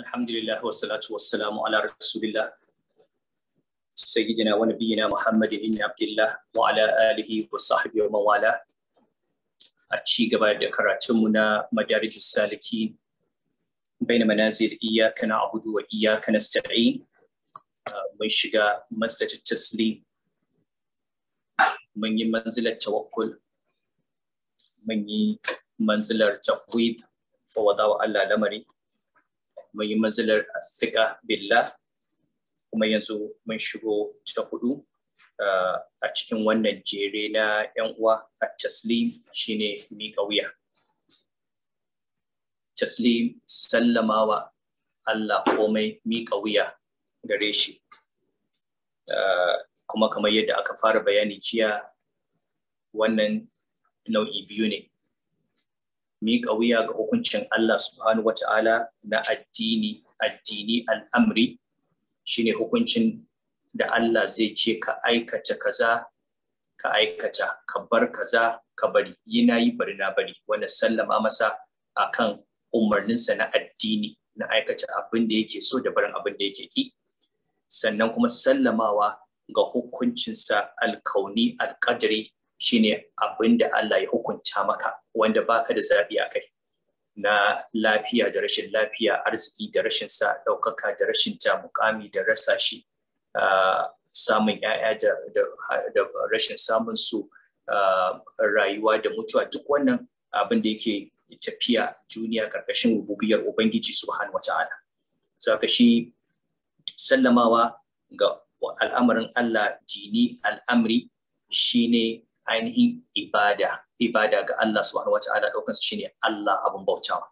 alhamdulillah wa salatu wa ala rasulillah sayyidina wa nabiyina muhammad ibn abdullah wa ala alihi wa sahbihi mawala a ci gaba da karatunmu na madarijus saliki baina manazir iyakana, na'budu wa iyyaka nasta'in mun shiga manzilatul taslim mun yi manzilar tawakkul mun yi manzilar tafwid fa wadawa Allah lamari mun yi manzilar athika billah kuma yanzu mun shigo ta hudu eh, a cikin wannan jere na yan uwa a taslim shine miƙa wuya taslim sallamawa Allah komai miƙa wuya gare shi eh, kuma kamar yadda aka fara bayani jiya wannan nau'i biyu ne miƙa wuya ga hukuncin Allah subhanahu wa ta'ala na addini addini al'amri shine hukuncin da Allah zai ce ka aikata kaza ka aikata ka bar kaza ka bari yi na yi bari na bari wanda sallama masa a kan umarninsa na addini na aikata abin da yake so da barin abin da yake ki sannan kuma sallamawa ga hukuncinsa alkauni alkadari shine abin da Allah ya hukunta maka wanda baka da zaɓi a kai na lafiya da rashin lafiya arziki da rashin sa ɗaukaka da rashin ta mukami da rasa shi samun ‘ya'ya da rashin samun su rayuwa da mutuwa duk wannan abin da yake tafiya duniya karkashin rububiyar ubangiji subhanahu Za ka shi sallamawa ga al'amarin Allah dini al'amri shine ainihin ibada ibada ga Allah subhanahu wata'ala daukan sa shine Allah abun bautawa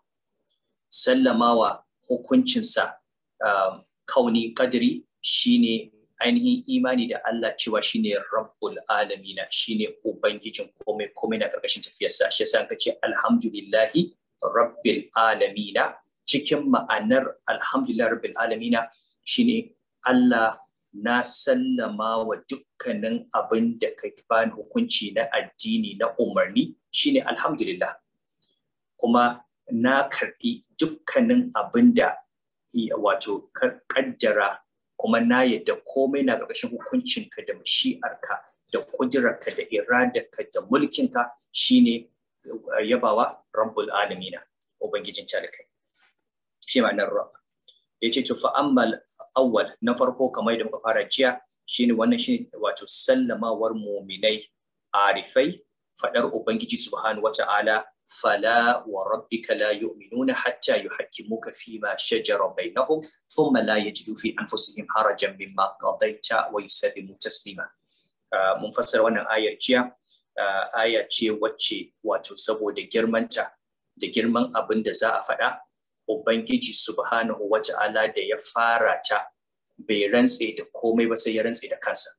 sallamawa hukuncinsa um, kauni kadiri shine ainihin imani da Allah cewa shine rabbul alamina shine ubangijin komai komai na karkashin tafiyarsa shi yasa ka ce alhamdulillahi rabbil alamina cikin ma'anar alhamdulillah rabbil alamina shine Allah na sallama wa duk dukkanin abin da ka bani hukunci na addini na umarni shine alhamdulillah kuma na karɓi dukkanin abin da wato kaddara kuma na yadda komai na ƙarƙashin hukuncinka da mashi'arka da ƙudurarka da iradarka da mulkinka shine uh, yabawa rabbul alamina ubangijin talikai shi ma'anar rabb ya ce fa ammal awwal na farko kamar da muka fara jiya shine wannan shine wato sallamawar muminai arifai fadar ubangiji subhanahu wata'ala fala wa rabbika la yu'minuna hatta yuhakkimuka fi ma shajara bainahum thumma la yajidu fi anfusihim harajan mimma qadaita wa yusallimu taslima ah, mun fassara wannan ayar jiya ah, aya ce wacce wato saboda girmanta da girman abin da za a faɗa ubangiji subhanahu wata'ala da ya fara ta bai rantse da komai ba sai ya rantse da kansa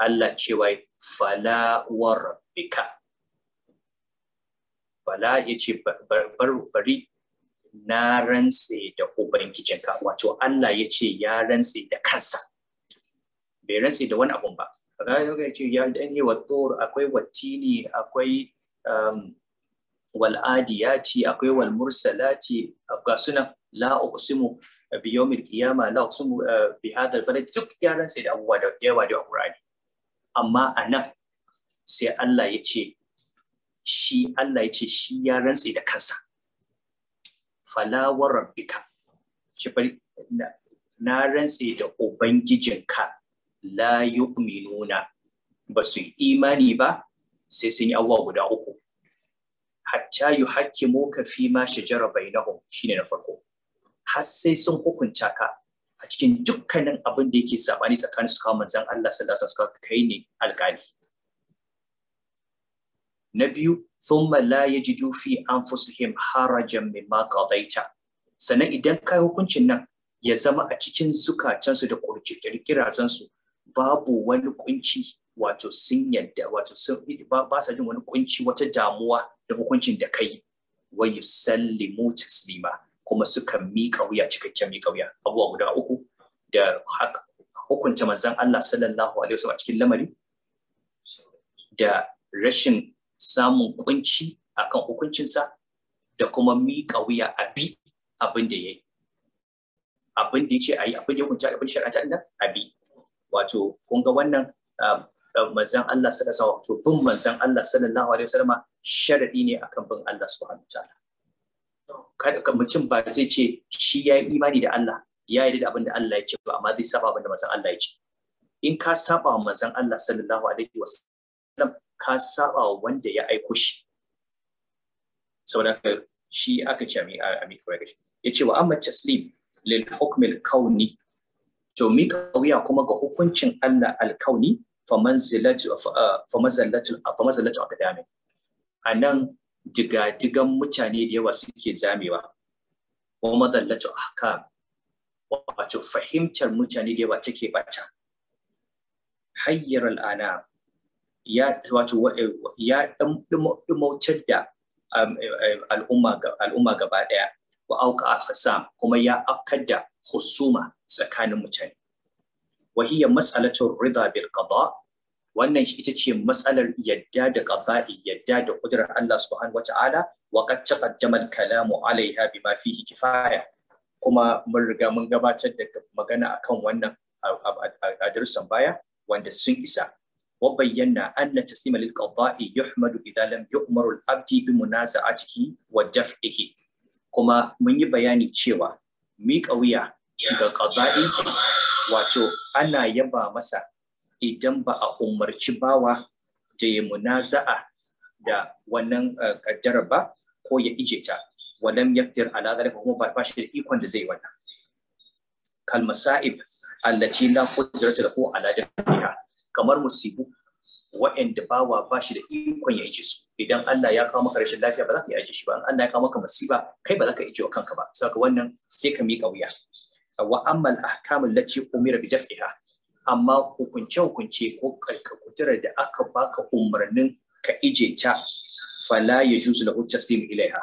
Allah cewa fala wa rabbika fala ya ce bari na rantse da ubangijinka wato Allah ya ce ya rantse da kansa bai rantse da wani abun ba kaga ya ce ya danne wa akwai watini akwai um, wal adiyati akwai wal mursalati ga sunan la uqsimu bi yawmil qiyama la uqsimu eh, bi hadal balad duk yaran sai da abuwa da yawa da Qur'ani amma anan sai Allah ya ce shi Allah ya ce shi ya rantse da kansa fala wa rabbika na rantse da ubangijinka la yu'minuna ba su imani ba sai sun yi abuwa guda uku hatta yuhakkimuka fi ma shajara shi ne na farko har sai sun hukunta ka a cikin dukkanin abin da yake sabani tsakanin su kawo manzan Allah sallallahu alaihi wasallam kai ne alƙali na biyu thumma la yajidu fi anfusihim harajan mimma qadaita sannan idan kai hukuncin nan ya zama a cikin zukatansu da kirkirazansu babu wani kunci wato sun yadda wato sun ba sa jin wani kunci wata damuwa da hukuncin da kai wayu sallimu taslima kuma suka miƙa wuya cikakken miƙa wuya abuwa guda uku da hukunta manzon Allah sallallahu alaihi wasallam a cikin lamari da rashin samun kunci akan hukuncinsa da kuma miƙa wuya a bi abin da ya yi abin da ya ce a yi abin da ya hukunta abin shari'a ta a bi wato kun ga wannan um, manzan Allah sallallahu alaihi wasallam bin manzan Allah sallallahu alaihi wasallam sharadi ne akan bin Allah subhanahu wataala kada mutum ba zai ce shi ya yi imani da Allah ya yi da abin da Allah ya ce ba amma zai saba abin da manzan Allah ya ce in ka saba wa manzan Allah sallallahu alaihi wasallam ka saba wa wanda ya aiko shi saboda shi aka ce mi a mi kawai gashi yace wa amma taslim lil hukm al kauni to mi kauya kuma ga hukuncin Allah al kauni famazallacin akadami ah, ah, a nan digadigan mutane da yawa suke zamewa wa mazallacin wato fahimtar mutane da yawa take bata hayyar al'ana ya wato eh, ya da eh, eh, al'umma gaba ɗaya wa auka kuma ya afkar da husuma tsakanin mutane wa hiya mas'alatu rida bil qada wannan ita ce matsalar yadda da qada'i yadda da kudrar Allah subhanahu wata'ala wa qad taqaddama al kalamu Alayha bima fihi kifaya kuma mun riga mun gabatar da magana akan wannan a darussan baya wanda sun isa Wa bayyana yuhmadu أن التسليم للقضاء يحمد إذا لم يؤمر wa بمنازعته Kuma mun yi bayani cewa miƙa wuya. ga ƙaba'i wato ana yaba masa idan ba a umarci bawa da ya munaza'a da wannan eh, kaddara ba ko ya ije ta wannan yaktir ala da kuma ba shi da ikon da zai wannan kal masa'ib allati la qudrata ko ala dafiha kamar musibu wa'anda bawa ba shi da ikon ya ije su idan Allah ya kawo maka rashin lafiya ba za ka yi ajiye shi ba in Allah ya kawo maka masiba kai ba za ka ije wa kanka ba saboda wannan sai ka miƙa wuya wa ammal ahkamul lati umira bi daf'iha amma hukunce hukunce ko kalkakuturar da aka baka umarnin ka ije ta fala ya juzu lahu taslimu ilaiha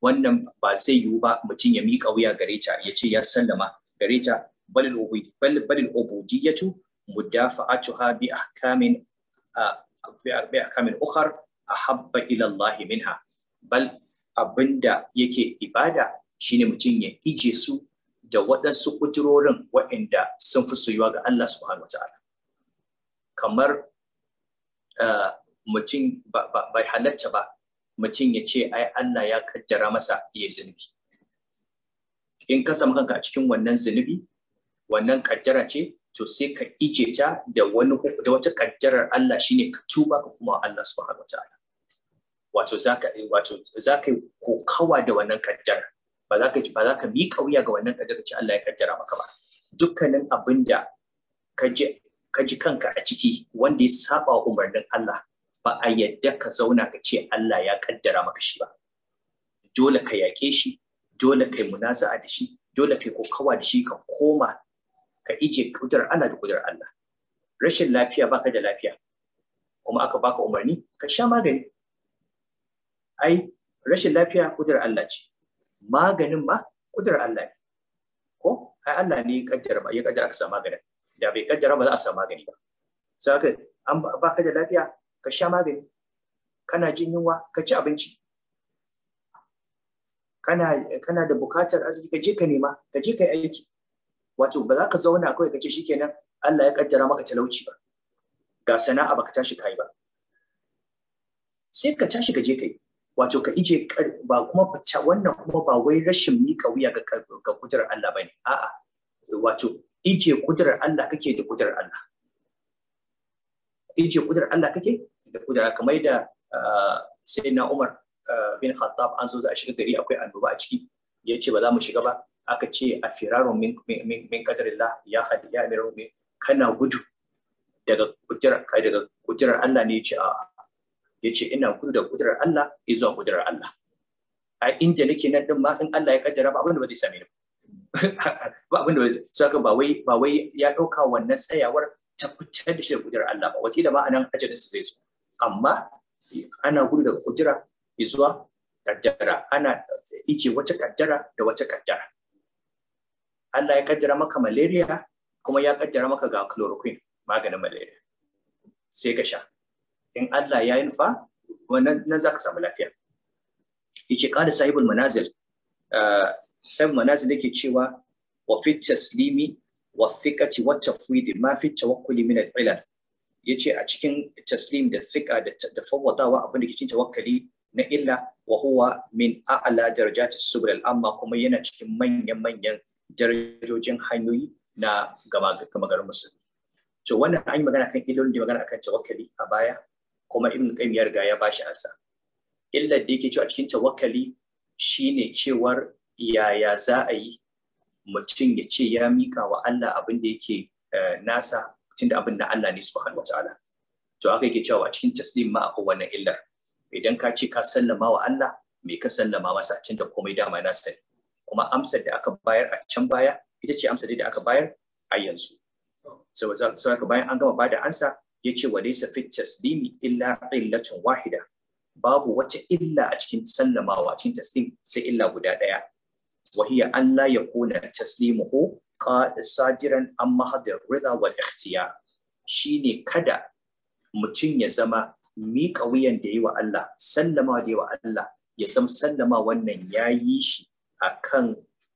wannan ba zai yiwu ba mutum ya miƙa wuya gare ta ya ce ya sallama gare ta balil ubudiyatu mudafa'atuha bi ahkamin bi ahkamin ukhar ahabba ila Allah minha bal abinda yake ibada shine mutum ya ije su da waɗansu ƙudurorin waɗanda sun fi soyuwa ga Allah subhanahu ta'ala. kamar eh, mutum bai halarta ba mutum ya ce ai Allah ya kaddara masa ya zunubi in ka samu kanka a cikin wannan zunubi wannan kaddara ce to sai ka ije ta da wani da wata kaddarar Allah shine ka tuba ka kuma Allah subhanahu ta'ala. wato za ka yi kokawa da wannan kaddara ba za ka ba za ka miƙa wuya ga wannan ka kadarci Allah ya kaddara maka ba dukkanin abin da ka ji ka ji kanka a ciki wanda ya saba umarnin Allah ba a yadda ka zauna ka ce Allah ya kaddara maka shi ba dole ka yaƙe shi dole kai munaza'a da shi dole kai kokawa da shi ka koma ka ije kudurar Allah da kudurar Allah rashin lafiya baka da lafiya kuma aka baka umarni ka sha magani ai rashin lafiya kudurar Allah ce maganin ma kudurar Allah ne ko ai Allah ne ya kaddara ba ya kaddara ka sa magani. da bai kaddara ba za a sa magani ba sai ka an ba ka da lafiya ka sha magani kana jin yunwa ka ci abinci kana kana da bukatar arziki ka je ka nema ka je ka yi aiki wato ba za ka zauna kawai ka ce shikenan Allah ya kaddara maka talauci ba ga sana'a baka tashi kai ba sai ka tashi ka je kai wato ka ije ba kuma fita wannan kuma ba wai rashin mika wuya ga kujerar kudurar Allah ne. a'a wato ije kudurar Allah kake da kudurar Allah ije kudurar Allah kake da kujerar? kamar da ah, sai na Umar ah, bin Khattab an zo za a shiga gari akwai annoba a ciki ya ce ba za mu shiga ba aka ce a firarun min min qadarillah ya hadi ya amiru kana gudu daga kudurar daga kudurar Allah ne ya ce a'a ya ce ina gudu da kudurar Allah zuwa kudurar Allah a inda nake nan din ma in Allah ya kaddara ba abin da ba zai same ni ba abin da ba zai saka ba wai ba wai ya dauka wannan tsayawar ta fitar da shi da kudurar Allah ba Wace da ma anan ajalin su zai zo amma ana gudu da kudura zuwa kaddara ana ice wata kaddara da wata kaddara Allah ya kaddara maka malaria kuma ya kaddara maka ga chloroquine maganin malaria sai ka sha in Allah ya yi nufa wannan nan ka samu lafiya yace qala sahibul manazil ah, sahibul manazil yake cewa wa fi taslimi wa thiqati wa tafwid ma fi tawakkuli min al-ilal yace a cikin taslim da thiqa da tafawwadawa abin da ke cikin tawakkali na illa wa huwa min a'la darajati subul al-amma kuma yana cikin manyan manyan darajojin hanyoyi na gama garin musulmi to wannan an yi magana kan illolin da magana akan tawakkali a baya kuma ibn qayyim ya riga ya bashi ansa illar da yake cewa cikin tawakkali shine cewar yaya za a yi mutum ya ce ya mika wa Allah abin da yake eh, nasa tunda abin na Allah ne subhanahu wataala to aka yake cewa cikin taslim ma akwai wannan illar idan ka ce ka sallama wa Allah me ka sallama masa tunda da komai dama nasa ne kuma amsar da aka bayar a can baya ita ce amsar da aka bayar a yanzu saboda bayan an gama bada ansa yace wa laysa fi taslimi illa illatun wahida babu wata illa a cikin sallamawa a cikin taslim sai illa guda daya wa hiya an la yakuna taslimuhu sadiran an mahadar rida wal ikhtiyar shine kada mutum ya zama miƙa wuyan da yi wa Allah sallama da yi wa Allah ya zama sallama wannan ya yi shi akan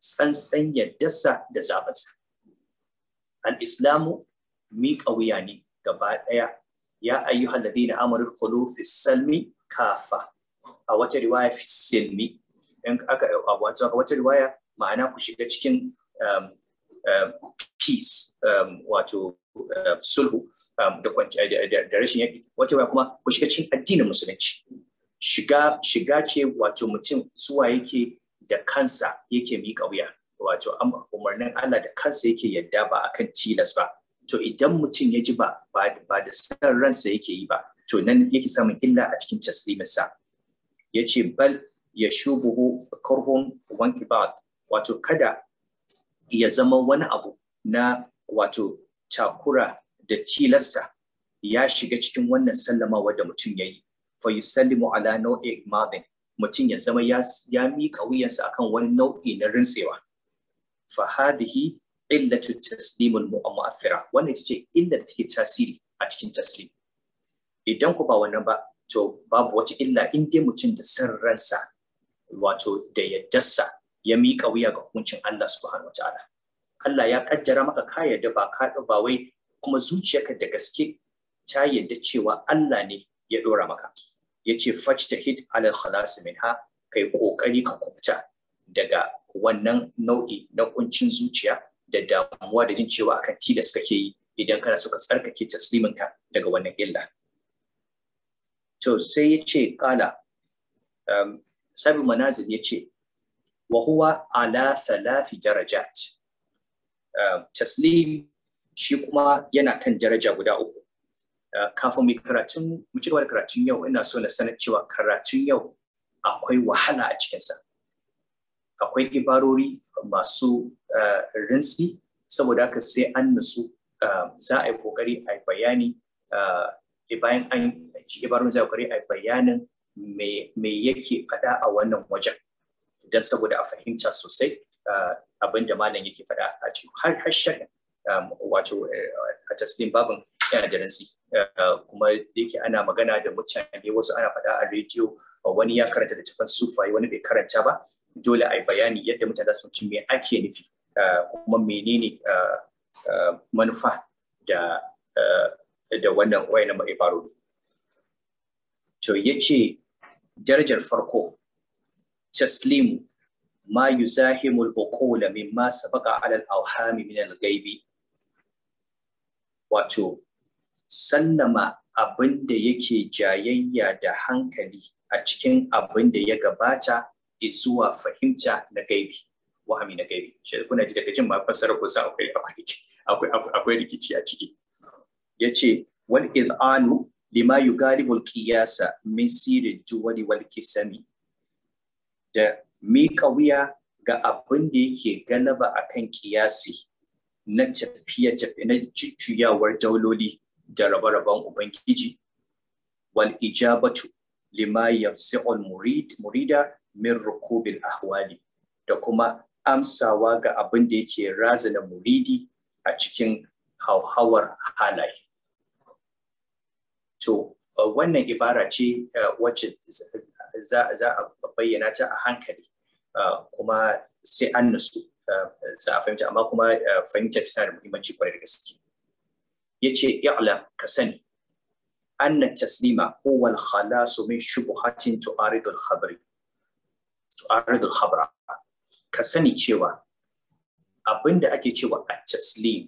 tsantsan yaddarsa da zaɓarsa al-islamu miƙa wuya ne gaba ɗaya ya ayyuhal ladina amurin Kulu fi salmi kafa a wata riwaya fi in aka a wata riwaya ma'ana ku shiga cikin um, um, peace um, wato sulhu da da rashin yaƙi wata riwaya kuma ku shiga cikin addinin musulunci shiga shiga ce wato mutum suwa yake da kansa yake miƙa wuya wato umarnin Allah da kansa yake yadda ba akan tilas ba to idan mutum ya ji ba ba da san ransa yake yi ba to nan yake samun illa a cikin taslimarsa ya ce bal ya shubuhu karhun wanki ba wato kada ya zama wani abu na wato cakura da tilasta ya shiga cikin wannan sallamawa da mutum ya yi fa yusallimu ala nau'i madin mutum ya zama ya mika wuyansa akan wani nau'i na rinsewa fa hadhihi illatu taslimul mu'amma'afira wannan ita ce illar take tasiri a cikin taslim idan ku ba wannan ba to babu wata illa in dai mutum da san ransa wato da yaddarsa ya miƙa wuya ga hukuncin Allah subhanahu wataala Allah ya kaddara maka ka yadda ba ka ba wai kuma zuciyarka da gaske ta yadda cewa Allah ne ya dora maka yace fajtahid ala khalas minha kai kokari ka kubuta daga wannan nau'i na kuncin zuciya da damuwa da jin cewa akan suka ke yi idan kana suka ka tsarkake tasliminka daga wannan illa to sai ya ce kala um, sabi manazil ya ce wa huwa ala thalafi darajat ce. Um, taslim shi kuma yana kan daraja guda uku uh, kafin mai karatun mu ci gaba da karatun yau ina so na sanar cewa karatun yau akwai wahala a cikinsa akwai ibarori masu eh, rinsi saboda haka sai an nasu eh, za a yi kokari a bayani eh, bayan an ci ibarori za a kokari a bayanin me yake faɗa a wannan wajen don saboda a fahimta sosai abin da malam yake faɗa a cikin har harshen wato a taslim babin yana da rinsi kuma yake ana magana da mutane wasu ana faɗa a rediyo wani ya karanta da tafan sufai wani bai karanta ba dole a yi bayani yadda mutane su ci me ake nufi eh, kuma menene eh, eh, manufa da da wannan wayan mai faru to yace darajar farko taslimu ma yuzahimu al-uqul mimma sabaqa ala al-awhami min al-ghaibi wato sallama abinda da yake jayayya da hankali a cikin abinda ya gabata isuwa fahimta na gaibi wahami na gaibi shi kuna ji daga jin ma fassara ko sa akwai akwai akwai rikici a ciki yace wal iz'anu lima yugalibu al-qiyasa min sirri juwali wal kisami da miƙa wuya ga abin da yake galaba akan kiyasi na tafiya na cicciyawar dauloli da rabe-raben ubangiji wal ijabatu lima yafsi'ul murid murida min rukubil ahwali da kuma amsawa ga abin da yake razana muridi a cikin hauhawar halaye. To, wannan ibara ce eh, wacce za a bayyana ta a hankali eh, kuma sai an nasu eh, za a fahimta amma kuma fahimta tana da muhimmanci kwarai da gaske. Ya ce, ka sani, anna taslima huwa al-khalasu min shubuhatin tu'aridul khabari tu'aridul khabra ka sani cewa abinda ake cewa a taslim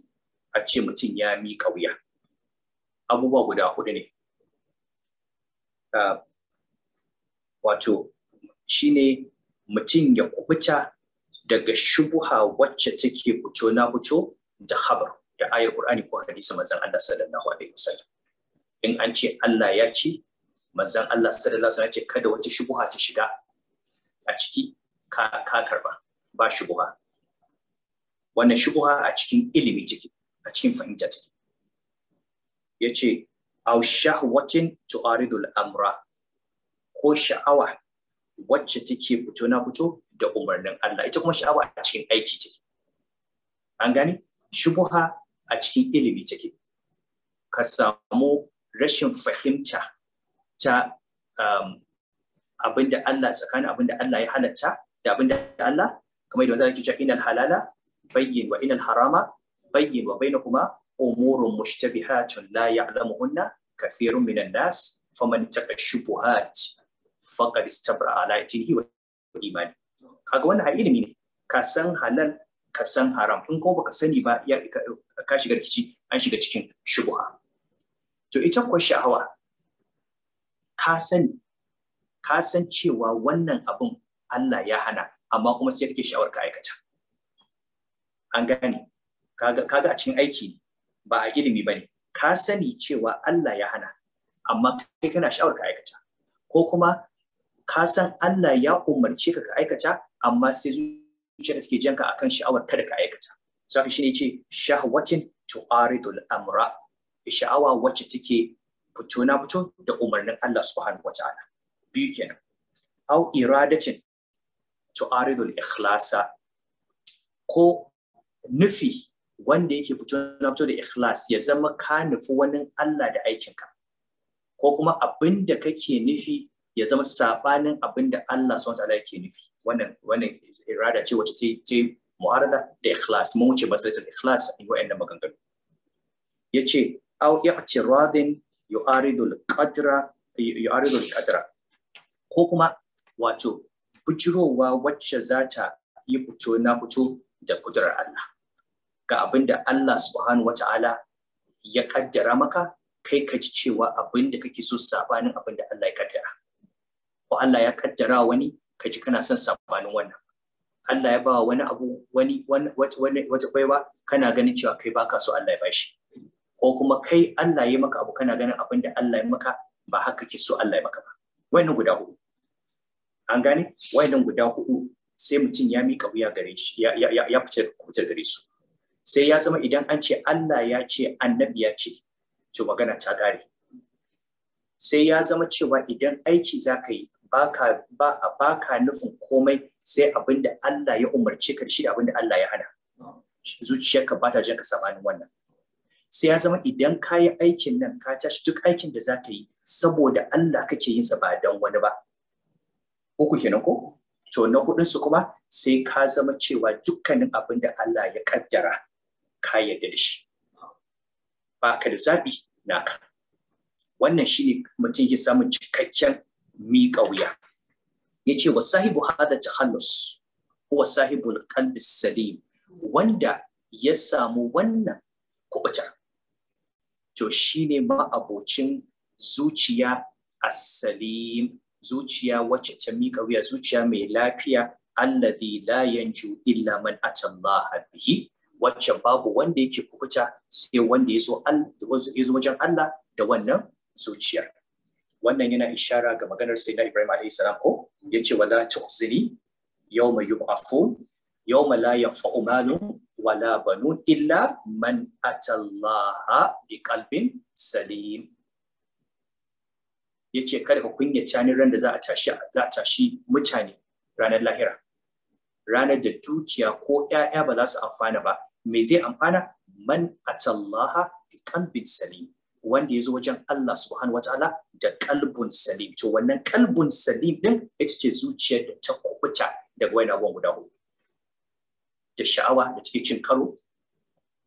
a ce mutum ya miƙa wuya abubuwa guda hudu ne wato shine mutum ya kubuta daga shubuha wacce take fito na fito da khabar da ayar Qur'ani ko hadisi manzon Allah sallallahu alaihi wasallam in an ce Allah ya ce manzon Allah sallallahu alaihi wasallam ya ce kada wata shubuha ta shiga a ciki ka karba ba shubuha wannan shubuha a cikin ilimi ciki a cikin fahimta ciki ya ce au shahwatin tu'aridul amra ko sha'awa wacce take fito na fito da umarnin Allah ita kuma sha'awa a cikin aiki ciki an gani shubuha a cikin ilimi ciki ka samu rashin fahimta ta um, abinda Allah tsakanin abinda Allah ya halatta da abinda Allah kamar yadda zaki cewa inal halala bayyin wa inal harama bayyin wa bainakuma umurun mushtabihatun la ya'lamuhunna kathirun minan nas faman taqa shubuhat faqad istabra ala dinihi wa imani kaga wannan har ilimi ne ka san halal ka san haram in ko baka sani ba ya ka shiga rikici an shiga cikin shubuha to ita ko sha'awa ka sani ka san cewa wannan abun Allah ya hana amma kuma sai kake sha'awar ka aikata an gane kaga kaga a cikin aiki ba a ilimi bane ka sani cewa Allah ya hana amma kai kana sha'awar ka aikata ko kuma ka san Allah ya umarce ka ka aikata amma sai zuciyarka take ka akan sha'awar kada ka aikata saka shine yace shahwatin tu'aridul amra sha'awa wacce take fito na fito da umarnin Allah subhanahu wataala biyu kenan au iradatin tu'aridul ikhlasa ko nufi wanda yake fito na fito da ikhlas ya zama ka nufi wani Allah da aikinka ko kuma abin da kake nufi ya zama sabanin abin da Allah subhanahu wataala yake nufi wannan wannan irada ce wacce sai ce mu'arada da ikhlas mun wuce masalatul ikhlas in wa'annan maganganu yace au i'tiradin ce al-qadra yu'aridu ko kuma wato bujirowa wacce za ta yi fito na fito da kudurar Allah ga abin da Allah subhanahu wa ta'ala ya kaddara maka kai ka ji cewa abin da kake so sabanin abin da Allah ya kaddara ko Allah ya kaddara wani ka ji kana son sabanin wannan Allah ya bawa wani abu wani wata baiwa kana ganin cewa kai baka so Allah ya bashi ko kuma kai Allah ya maka abu kana ganin abin da Allah ya maka ba haka ke so Allah ya maka ba wayannan guda hudu an gane wayannan guda hudu sai mutum ya mika wuya gare shi ya ya da fice kubutar gare su sai ya zama idan an ce Allah ya ce annabi ya ce to magana ta kare sai ya zama cewa idan aiki za ka yi ba ka nufin komai sai abinda Allah ya umarce ka shi da abinda Allah ya hana zuciyarka ba ta jin ka wannan sai ya zama idan ka yi aikin nan ka tashi duk aikin da za ka yi saboda Allah kake yin sa ba dan wani ba uku kenan ko to na hudun su kuma sai ka zama cewa dukkanin abin da Allah ya kaddara ka yarda da shi ba ka da zabi naka wannan shine mutum ke samu cikakken miƙa wuya yace wa sahibu hada tahallus wa sahibul qalbi salim wanda ya samu wannan kubuta to shine ma'abocin zuciya as zuciya wacce ta miƙa wuya zuciya mai lafiya alladhi la yanju illa man atallaha bihi wacce babu wanda yake kukuta sai wanda ya zo wajen Allah da wannan zuciyar wannan yana ishara ga maganar sai na Ibrahim ya salam ko yace wala tuhzini yawma yub'athun yawma la yanfa'u malun wala banun illa man atallaha biqalbin salim yace kada ka kunyace ni ran da za a tashi za a tashi mutane ranar lahira ranar da dukiya ko ƴaƴa ba za su amfana ba me zai amfana man atallaha biqalbin salim wanda ya zo wajen Allah subhanahu wa ta'ala da kalbun salim to wannan kalbun salim din ita ce zuciyar da ta kubuta daga wani abubuwan guda hudu da sha'awa da take cin karo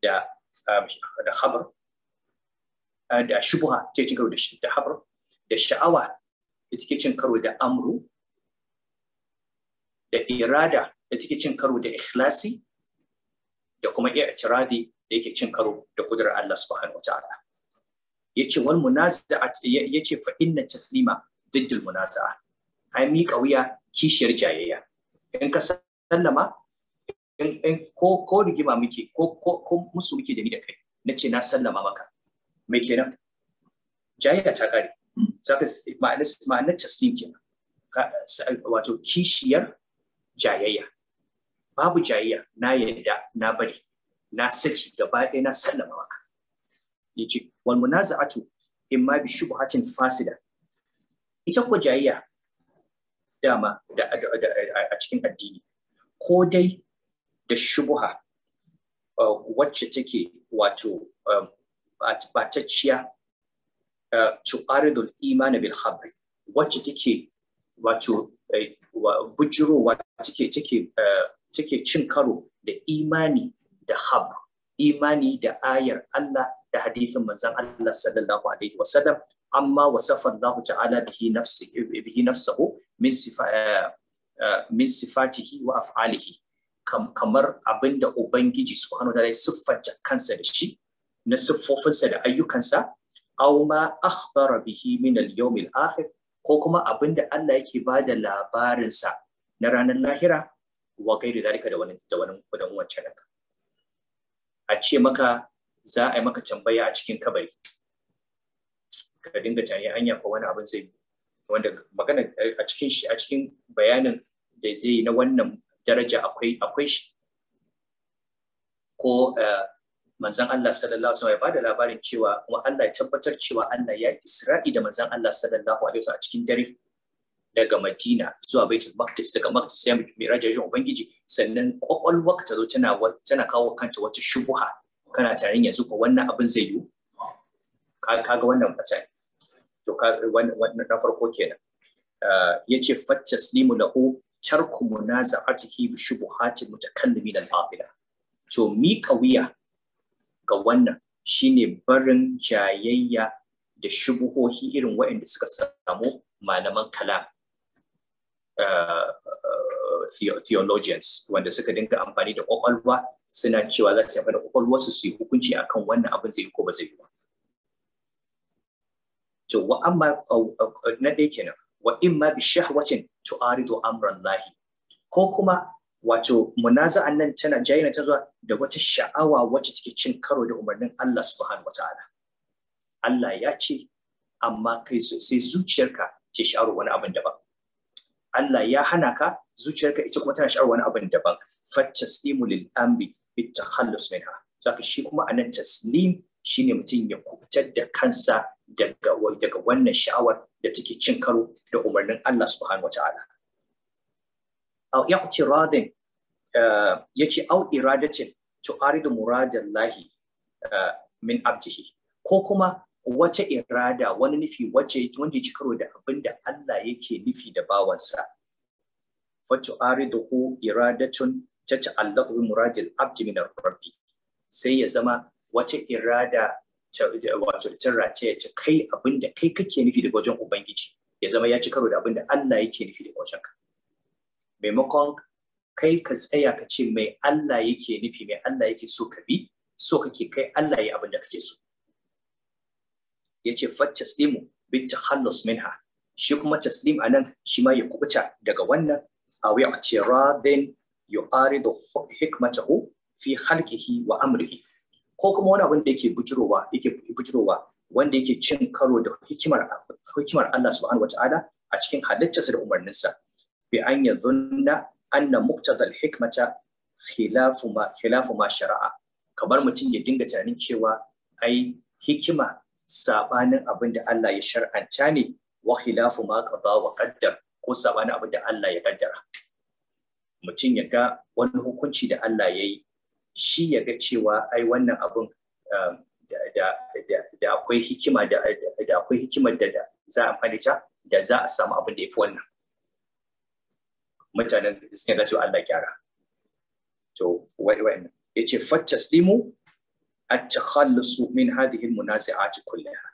da ah, da habar ah, da shubuha take cin karo da da habar da sha'awa da take cin karo da amru da irada da take cin karo da ikhlasi da kuma i'tiradi da yake cin karo da kudurar Allah subhanahu wataala yace wal munaza'a yace fa inna taslima diddul munaza'a ai miƙa wuya kishiyar jayayya in ka sallama in ko ko rigima muke ko ko musu muke da ni da kai na ce na sallama maka me kenan jayayya ta kare saka ma'anar ma'anar taslim kenan wato kishiyar jayayya babu jayayya na yadda na bari na saki gaba ɗaya na sallama maka yace wal munaza'atu imma bi shubhatin fasida ita ko jayayya dama da a cikin addini ko dai da shubuha uh, wacce take wato um, batacciya uh, tuqaridul imani bil khabri wacce take wato eh, bujirowa take take uh, take cin karo da imani da khabr imani da ayar Allah da hadithin manzon Allah sallallahu alaihi wasallam amma wasafa Allah ta'ala bihi nafsi bihi nafsahu min sifa min sifatihi wa af'alihi kamar abin da Ubangiji subhanahu ya siffanta kansa da shi na siffofinsa da ayyukansa aw ma akhbara bihi min al-yawm al-akhir ko kuma abin da Allah yake ba da labarinsa na ranar lahira wa da dalika da wani da wani kudan wancan a ce maka za a yi maka tambaya a cikin kabari ka dinga tunani hanya ko wani abin zai wanda magana a cikin a cikin bayanin da zai yi na wannan daraja akwai akwai shi ko eh, manzon Allah sallallahu alaihi wasallam ya bada labarin cewa kuma Allah ya tabbatar cewa Allah ya Isra'i da manzon Allah sallallahu alaihi wasallam a cikin dare daga Madina zuwa Baitul Maqdis daga Maqdis ya miraja jin ubangiji sannan kwakwalwa ta zo tana tana kawo kanta wata shubuha kana tarin yanzu ko wannan abin zai yi Ka kaga wannan fasali to na farko kenan eh, ya ce slimu lahu tarku munaza'atihi bi shubuhati mutakallimin al-afila to mika wuya ga wannan shine barin jayayya da shubuhohi irin waɗanda suka samu malaman kalam eh, eh, theologians wanda suka dinga amfani da kwakwalwa suna cewa za su amfani da ƙwaƙwalwa su yi hukunci akan wannan abin zai yi ko ba zai yi ba. To, wa amma na ɗaya kenan. wa imma bi shahwatin tu'aridu amran lahi ko kuma wato munaza'an nan tana jayyana ta zuwa da wata sha'awa wacce take cin karo da umarnin Allah subhanahu wata'ala Allah ya ce amma kai sai zuciyarka ce sha'awar wani abin daban Allah ya hana ka zuciyarka ita kuma tana sha'awar wani abin daban fattaslimu lil amri bitakhallus minha zaka shi kuma nan taslim shine mutum ya kubutar da kansa daga wannan sha'awar da take cin karo da umarnin Allah subhanahu wataala aw i'tiradin eh, yace aw iradatin tu'aridu muradallahi eh, min abjihi. ko kuma wata irada wani nufi wace wanda ya ci karo da abin da Allah yake nufi da bawansa fatu ariduhu iradatun ta ta'allaqu bi muradil abdi min rabbi sai ya zama wata irada wato da cin race ya ce kai abin da kai kake nufi daga wajen ubangiji ya zama ya ci karo da abin da Allah yake nufi daga wajen ka maimakon kai ka tsaya ka ce mai Allah yake nufi mai Allah yake so ka bi so kake kai Allah ya abin da kake so yace facce taslimu bi takhallus minha shi kuma a nan, shi ma ya kubuta daga wannan a aw ya'tiradin yu'aridu hikmatahu fi khalqihi wa amrihi ko kuma wani abin da yake bujirowa yake bujirowa wanda yake cin karo da hikimar hikimar Allah subhanahu wata'ala a cikin halittarsa da umarninsa bi an zunna anna muqtadal hikmata khilafu ma khilafu ma shari'a kamar mutum ya dinga tunanin cewa ai hikima sabanin abin da Allah ya shar'anta ne wa khilafu ma qada wa qaddar ko sabanin abin da Allah ya kaddara mutum ya ga wani hukunci da Allah ya yi shi ya ga cewa ai wannan abun um, da akwai hikima da akwai hikimar da za a amfani ta da za a samu abin da ya fi wannan mutanen suke da Allah gyara to wa'in ya ce fattaslimu at takhallusu min hadhihi almunazi'at kullaha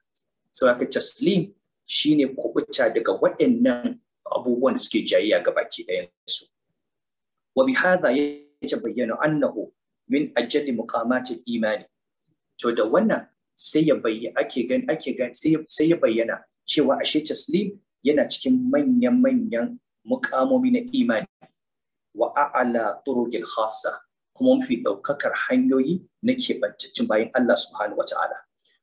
so aka taslim shine kubuta daga waɗannan abubuwan suke jayayya ga baki ɗayan su wa bi hadha yace bayyana annahu min ajjadi muqamatil imani to da wannan sai ya bayyana ake gan ake gan sai ya bayyana cewa ashe taslim yana cikin manyan manyan muqamomi na imani wa a'ala turuqil khassa kuma mafi daukakar hanyoyi na keɓantaccen bayan Allah subhanahu Ta'ala.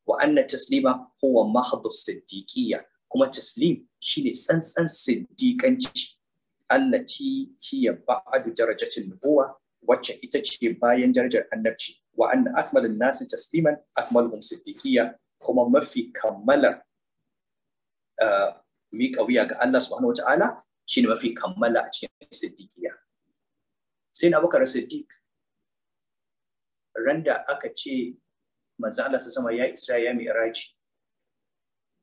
wa anna taslima huwa mahdu siddiqiyya kuma taslim shine tsantsan siddiqanci allati hiya ba'adu darajatin nubuwa wacce ita ce bayan darajar annabci wa anna akmalun nasi tasliman akmaluhum siddiqiyya kuma mafi kammalar uh, miƙa wuya ga Allah subhanahu wata'ala shine mafi kammala a cikin siddiqiyya sai na bakar siddiq randa aka ce manzo Allah su sama ya isra ya mi'raji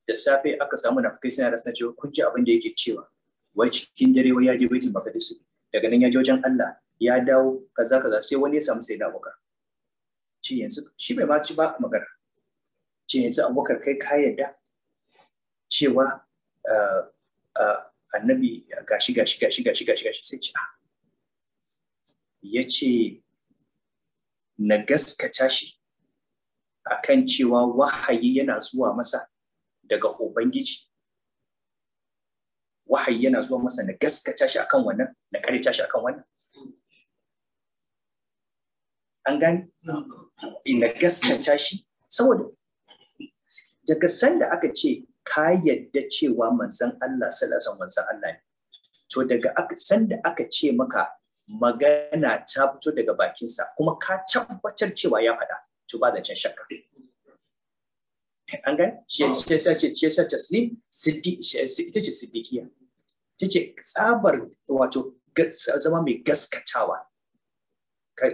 da safe aka samu na nafikai suna rasa cewa kun ji abin da yake cewa wai cikin dare wai ya je baitul maqdis daga nan ya je wajen Allah ya dawo kaza kaza sai wani ya samu sai da abubakar ce yanzu shi bai ba ci ba magana ce yanzu abubakar kai ka yarda cewa annabi gashi gashi gashi gashi gashi gashi sai ce ah. ya ce na gaskata shi akan cewa wahayi yana zuwa masa daga ubangiji wahayi yana zuwa masa na gaskata shi akan wannan na kare shi akan wannan an gani ina gaskata shi saboda daga sanda aka ce ka yadda cewa manzan Allah sallallahu manzan Allah ne to daga sanda aka ce maka magana ta fito daga bakinsa kuma ka tabbatar cewa ya faɗa to ba da can shakka an gani, shi yasa ce shi yasa taslim ita ce siddiqiya ta ce tsabar wato zama mai gaskatawa kai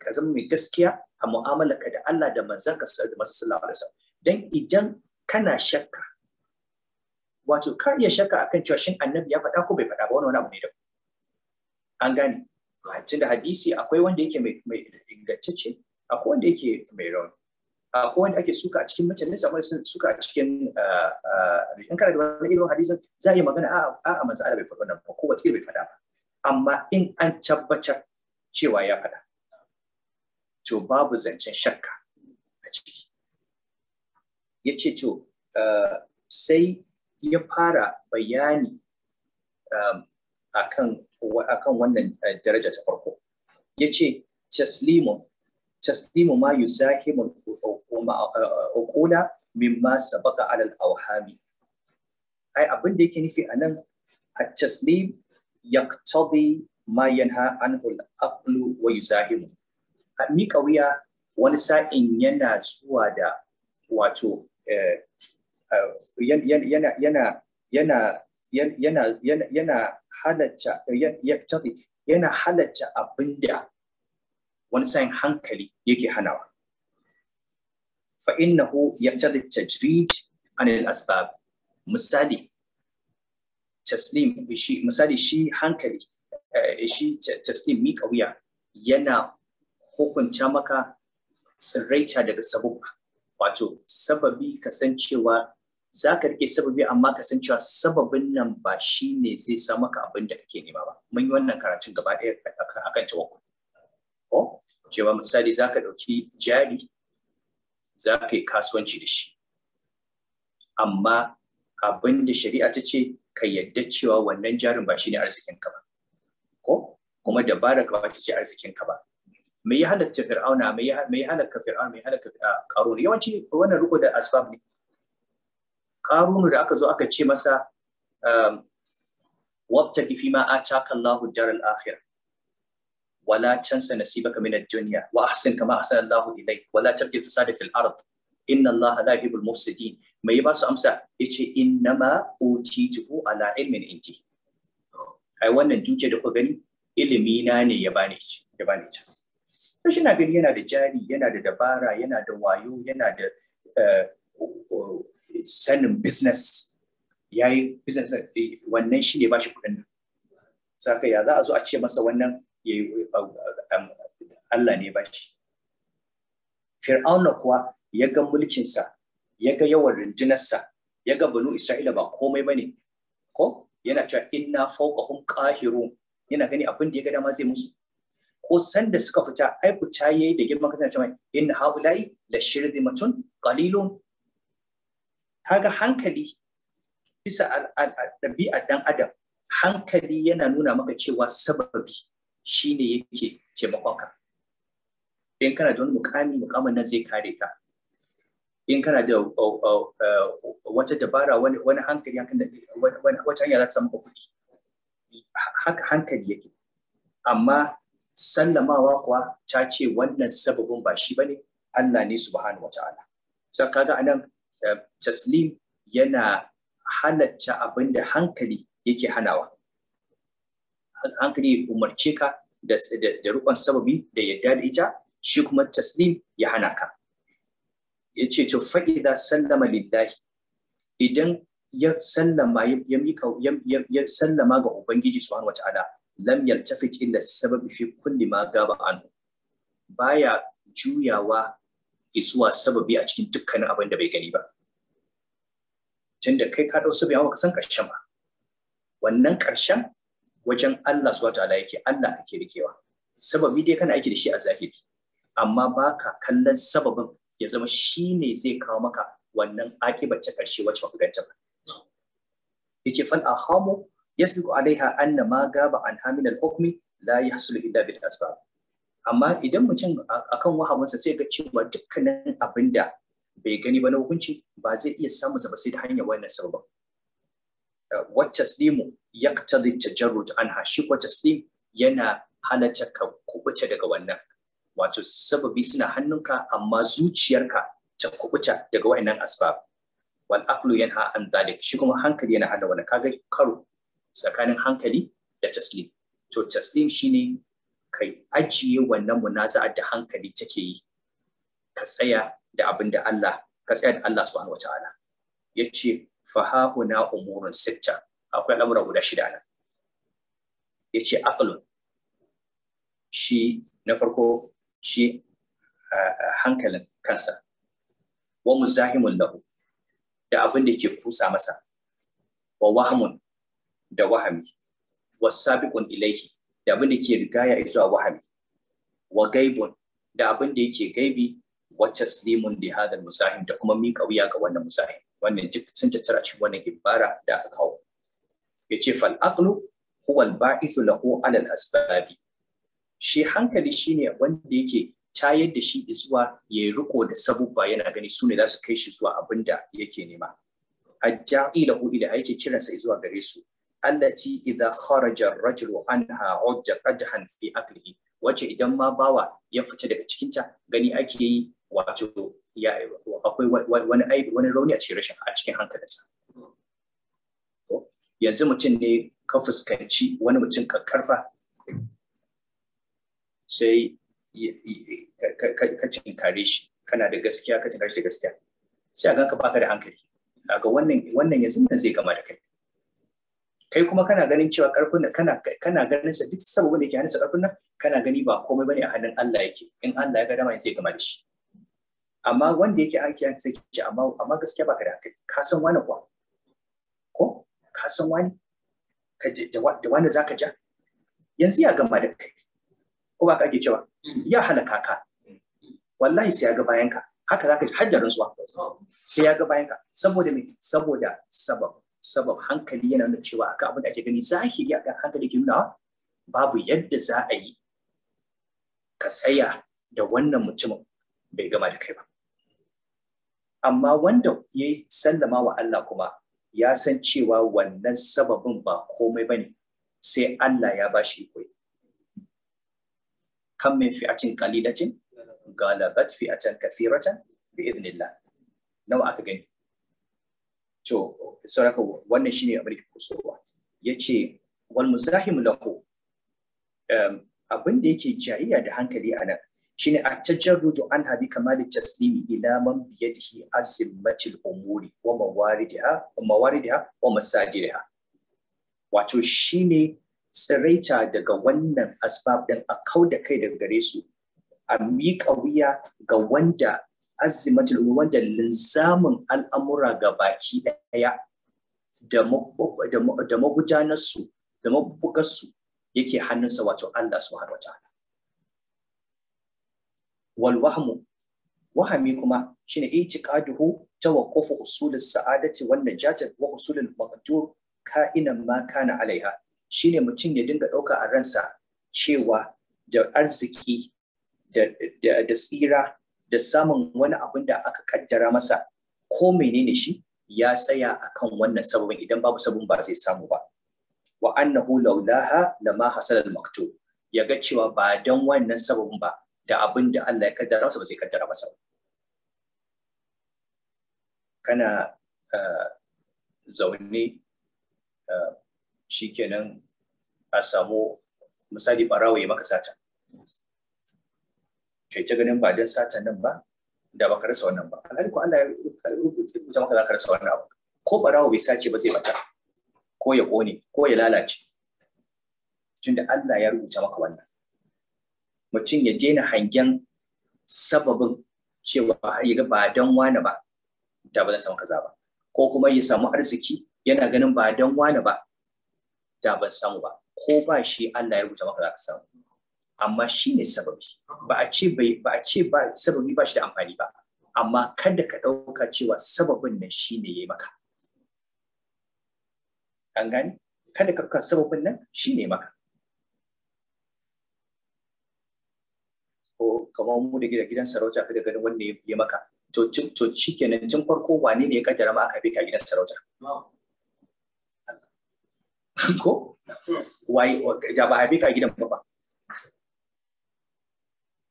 ka zama mai gaskiya a mu'amalarka da Allah da masu sallallahu alaihi wasallam dan idan kana shakka wato ka iya shakka akan cewa shin annabi ya faɗa ko bai faɗa ba wani wani abu ne da an gane tunda hadisi akwai wanda yake mai ingantacce akwai wanda yake mai rauni akwai wanda ake suka a cikin mutane amma sun suka a cikin ah, ah, in kana da wani irin hadisi za a yi magana a a manzo Allah bai faɗa ba ko wata bai faɗa ba amma in an tabbatar cewa ya faɗa to babu zancen shakka a ciki ya ce to eh, sai ya fara bayani um, akan wannan eh, daraja ta farko ya ce taslimu, taslimu ma yuzahimul eh, min mimma sabaqa alal awhami ai abin da yake nufi anan a taslim yaqtadi ma yanha anhul aqlu wa yuzahimu miƙa wuya wani sa'in yana zuwa da wato eh, eh, yana yana yana yana yana halatta yana halatta abinda wani sa'in hankali yake hanawa fa innahu yaqtadi tajrij an al asbab misali taslim shi misali shi hankali Eh, shi taslim miƙa wuya yana hukunta maka tsirraita daga sabubba wato sababi kasancewa za ka rike sababi amma kasancewa sababin nan ba shi ne zai sa maka abin da kake nema ba mun yi wannan karatun gaba ɗaya a kan tawakkul ko cewa misali za ka ɗauki jari za ka yi kasuwanci da shi amma abin da shari'a ta ce ka yadda cewa wannan jarin ba shi ne arzikin ka ba ko kuma dabara ba da ta ci arzikin ka ba me ya halatta fir'auna me ya halatta fir'auna me ya halaka ah, qarun yawanci wannan riko da asbab ne karuna da aka zo aka ce masa um, wabtaqi fi ma ataka Allahu daral akhirah wala nasibaka min ad-dunya wa ahsin kama ahsana Allahu ilayk wala tabghi fasada fil ard inna Allah la yuhibbul mufsidin mai ba su amsa yace innama utituhu ala ilmin inji ai wannan duke da ku gani ilimi na ne ya bani ya bani ta shi na gani yana da jari yana da dabara yana da wayo yana da eh, sanin business ya yi business wannan shi ne ba shi kuɗin nan saka ya za a zo a ce masa wannan eh, Allah ne ba shi Fir'auna kuwa ya ga mulkinsa ya ga yawan rundunarsa ya ga banu Isra'ila ba komai ba ne ko yana cewa inna fawqahum qahirun yana gani abin da ya ga dama zai musu ko sanda suka fita ai fita yayi da girman kasa cewa inna haulai la shirzimatun qalilun kaga hankali bisa ɗabi'ar dan adam hankali yana nuna maka cewa sababi shine yake taimakonka in kana da wani mukami mukamin nan zai kare ka in kana da eh, wata dabara wani hankali wata hanya za ta samu kuɗi haka hankali yake amma sallamawa kuwa ta ce wannan sababin ba shi bane Allah ne subhanahu wa ta'ala so kaga anan eh, taslim yana halatta abinda da hankali yake hanawa hankali umarce ka da rukun sababi da yadda da ita shi kuma taslim ya hana ka Ya ce to fa'ida sallama lillahi idan ya sallama ya mika ya sallama ga ubangiji subhanahu ta'ala lam yaltafit illa sababi fi kulli ma gaba anhu baya juyawa isuwa sababi a cikin dukkanin abin da bai gani ba tunda kai ka dau sababi amma ka san karshen ba wannan karshen wajen Allah subhanahu ta'ala yake Allah kake rikewa sababi dai kana aiki da shi a zahiri amma baka kallon sababin ya zama shi ne zai kawo maka wannan akibar ta karshe wacce ba ku ganta ba yace fal ahamu yasbiqu alaiha anna ma gaba an al hukmi la yahsulu illa bil asbab amma idan mutum akan wahamansa sai ga cewa dukkanin abinda bai gani ba na hukunci ba zai iya samun sa ba sai da hanyar wannan sababin wacce slimu ya tajarrud anha shi wacce slim yana halatta ka kubuce daga wannan wato sababi suna hannunka amma zuciyarka ta kubuta daga wa'annan asbab wal aqlu yanha an dalik shi kuma hankali yana hada wani kaga karo tsakanin hankali da taslim to taslim shine kai ajiye wannan munaza'ar da hankali take yi ka tsaya da abin da Allah ka tsaya da Allah subhanahu wataala yace fahahuna umurun sitta akwai al'amura guda shida nan yace aqlu shi na farko shi hankalin kansa wa muzahimun lahu da abin da ke kusa masa wa wahamun da wahami wa sabiqun ilaihi da abin da ke rigaya zuwa wahami wa gaibun da abin da yake gaibi wa taslimun li hada musahim da kuma mika wuya ga wannan musahim wannan sun tattara shi wannan ibara da aka kawo yace fal aqlu huwa al ba'ithu lahu ala al asbabi shi hankali shi ne wanda yake tayar da shi zuwa ya riko da sabubba yana gani su ne za su kai shi zuwa abin da yake nema ajja'ilahu ila ake kiransa zuwa gare su Allah allati idza kharaja ar-rajulu anha ujja qajhan fi aqlihi wace idan ma bawa ya fita daga cikinta gani ake yi wato ya akwai wani wani rauni a cikin rashin a cikin hankalinsa yanzu mutum ne ka fuskanci wani mutum ka karfa sai ka cinkare shi kana da gaskiya ka cinkare shi da gaskiya sai a ga ka baka da hankali ga wannan wannan yanzu nan zai gama da kai kai kuma kana ganin cewa karfin nan kana kana ganin sa duk saboda yake hannun sa karfin nan kana gani ba komai bane a hannun Allah yake in Allah ya ga dama zai gama da shi amma wanda yake aiki an sai ce amma amma gaskiya baka da hankali ka san wani kuwa ko ka san wani da za zaka ja yanzu ya gama da kai ko ba ka ake cewa mm. ya halaka ka wallahi sai ya ga bayan ka haka zaka ji hajjar zuwa sai ya ga bayan ka saboda me saboda sabab sabab hankali yana nuna cewa aka abin da ake gani zahiri akan hankali ke nuna babu yadda za a yi ka tsaya da wannan mutumin bai gama da kai ba amma wanda ya yi sallama wa Allah kuma ya san cewa wannan sababin ba komai bane sai Allah ya bashi koyi kam min fi'atin qalilatin galabat fi'atan kathiratan bi idnillah nawa aka gani to sauraka wannan shine abin da kusurwa yace wal muzahim lahu abin da yake jayayya da hankali a nan shine a tajarrudu an habi kamali taslimi ila man biyadihi azimmatil umuri wa mawaridiha wa mawaridiha wa masadiha wato shine tsiraita daga wannan asbab ɗin a kau da kai daga gare su a miƙa wuya ga wanda azimatul wanda linzamin al'amura ga baki ɗaya da magudanarsu da mabugarsu yake hannunsa wato Allah subhanahu wa ta'ala wal wahmu wahami kuma shine itiqaduhu tawaqqufu usulus sa'adati wan najati wa usulul maqdur ka'inan ma kana alaiha shine mutum ya dinga ɗauka a ransa cewa da arziki da tsira da samun wani abin da aka kaddara masa ko menene shi ya tsaya akan wannan sababin idan babu sabon ba zai samu ba wa annahu laulaha ma hasala al maktu, ya ga cewa ba dan wannan sababin ba da abin da Allah ya kaddara masa ba zai kaddara masa kana eh, zaune eh, shikenan a samu misali barawai maka sata kai ta ganin ba dan satan nan ba da baka rasa wannan ba alhali ko Allah ya rubuta maka zaka rasa wannan abu ko barawai bai sace ba zai bata ko ya kone ko ya lalace tunda Allah ya rubuta maka wannan mutum ya daina hangen sababin cewa har ya ba dan wani ba da ba zan samu kaza ba ko kuma ya samu arziki yana ganin ba dan wani ba da ban samu ba ko ba shi Allah ya rubuta maka za ka samu amma shi ne sababi ba a ce ba a ce ba sababi ba shi da amfani ba amma kada ka ɗauka cewa sababin nan shi ne ya yi maka an gane kada ka ɗauka sababin nan shi ne maka ko kamar mu da gidan sarauta kada ganin wanda ya maka to to shikenan tun farko wane ne ya kaddara ma aka bi ka gidan sarauta ko wai oh, ja ba haife ka gidan ba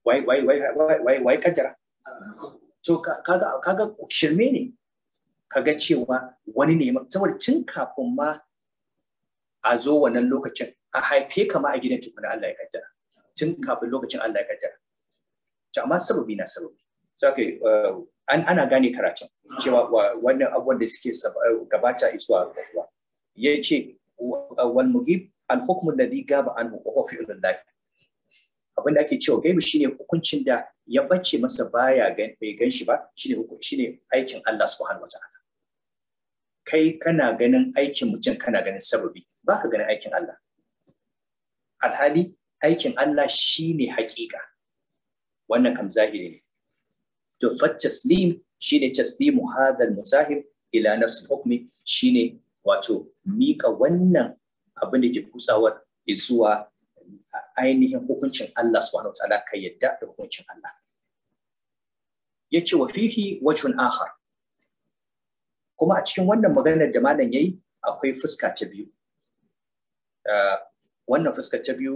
wai wai wai wai wai jira to kaga kaga shirme ne kaga cewa wani ne saboda tun kafin ma a zo wannan lokacin a haife ka ma a gidan tukun Allah ya kaddara tun kafin lokacin Allah ya kaddara to amma sababi na sababi so okay, uh, an ana gane karatun cewa wannan abubuwan da suke gabata isuwa ya ce wal mugib al hukmu alladhi gaba an wa huwa fi'lul lahi abin da ake cewa gaibu shine hukuncin da ya bace masa baya bai gan shi ba shine shine aikin Allah subhanahu wataala kai kana ganin aikin mutum kana ganin sababi baka ganin aikin Allah alhali aikin Allah shine hakika wannan kam zahiri ne to fa taslim shine taslimu hadha al musahib ila nafsi hukmi shine wato mika wannan abin da ke kusawar zuwa ainihin hukuncin Allah subhanahu ta'ala kai yadda da hukuncin Allah yace wa fihi wajhun akhar kuma a cikin wannan maganar da malam yayi akwai fuska ta biyu ah, wannan fuska ta biyu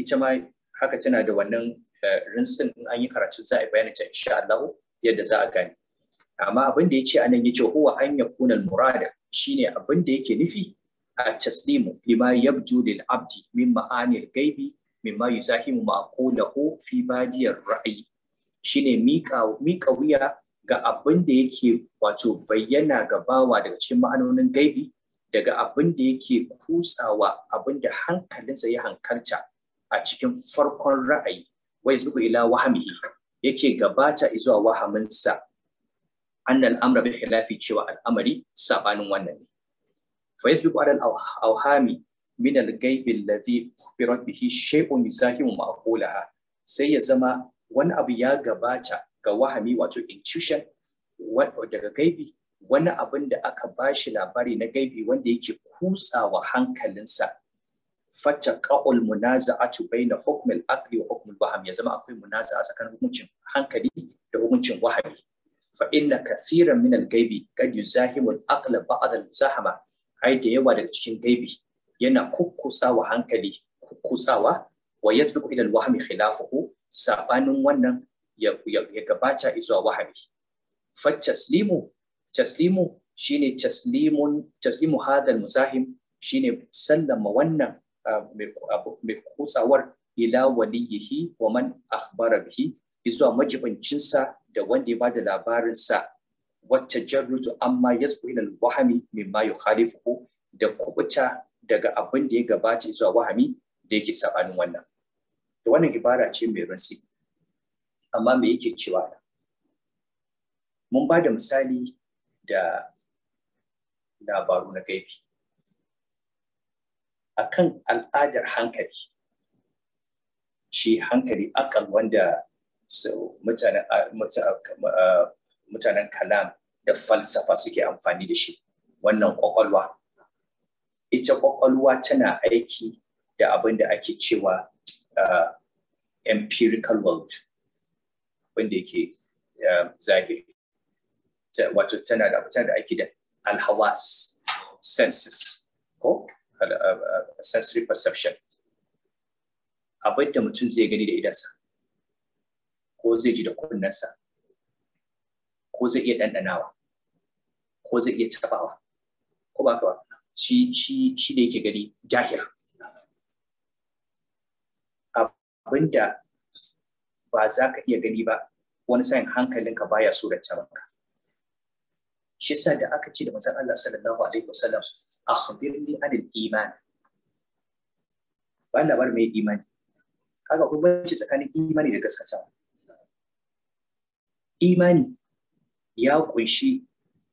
ita ma haka tana da wannan eh, rinsin in an yi karatu za a bayyana ta insha Allah yadda za a gani amma abin da yace anan yace huwa an yakuna al-murada shine abin da yake nufi a taslimu lima yabju lil abdi min al gaibi mimma yusahimu qulahu fi badiyar ra'ayi shine mika mika wuya ga abin da yake wato bayyana ga bawa daga cikin ma'anonin gaibi daga abin da yake kusawa abin da hankalinsa ya hankalta a cikin farkon ra'ayi wai zuku ila wahamihi yake gabata izuwa wahaminsa annal amra bi khilafi cewa al'amari sabanin wannan ne fa yasbiqu ala al-awhami min al-ghayb alladhi ukhbira bihi shay'un yusahimu ma'qulaha sai ya zama wani abu ya gabata ga wahami wato intuition daga gaibi wani abin da aka bashi labari na gaibi wanda yake kutsawa hankalinsa fata ka'ul munaza'atu baina hukmil aqli wa hukmil waham ya zama akwai munaza'a tsakanin hukuncin hankali da hukuncin wahami fa inna kaseeran min al-gaibi kad yuzahimu al-aqla muzahama ai da yawa daga cikin gaibi yana kukkusawa hankali kukkusawa wa yasbiqu ila al-wahmi khilafuhu sabanin wannan ya, gabata izuwa wahami fa taslimu taslimu shine taslimun taslimu hadal muzahim shine sallama wannan mai kutsawar ila waliyihi wa man akhbara bihi izuwa majibancinsa da wanda ya bada labarinsa wacce jarrutu amma yasbuhilal wahami mimma yukhalifuhu da kubuta daga abin da ya gabata zuwa wahami da yake sabanin wannan da wannan ibara ce mai rasi amma me yake cewa mun bada misali da labaru na gaifi akan al'adar hankali shi hankali akal wanda Ah, ah, mutanen kalam da falsafa suke amfani da shi wannan kwakwalwa ita kwakwalwa tana aiki da abin da ake cewa ah, empirical world wanda yake zahiri wato tana da tana da aiki da alhawas senses ko sensory perception abin da mutum zai gani da idansa ko zai ji da kunnensa ko zai iya ɗanɗanawa ko zai iya tabawa ko ba ka shi shi shi da yake gani jahir abinda ba za ka iya gani ba wani sa'in hankalinka baya so da maka shi sa da aka ce da manzon Allah sallallahu alaihi wasallam akhbirni anil iman ba labar mai imani kaga ce tsakanin imani da gaskatawa imani ya kunshi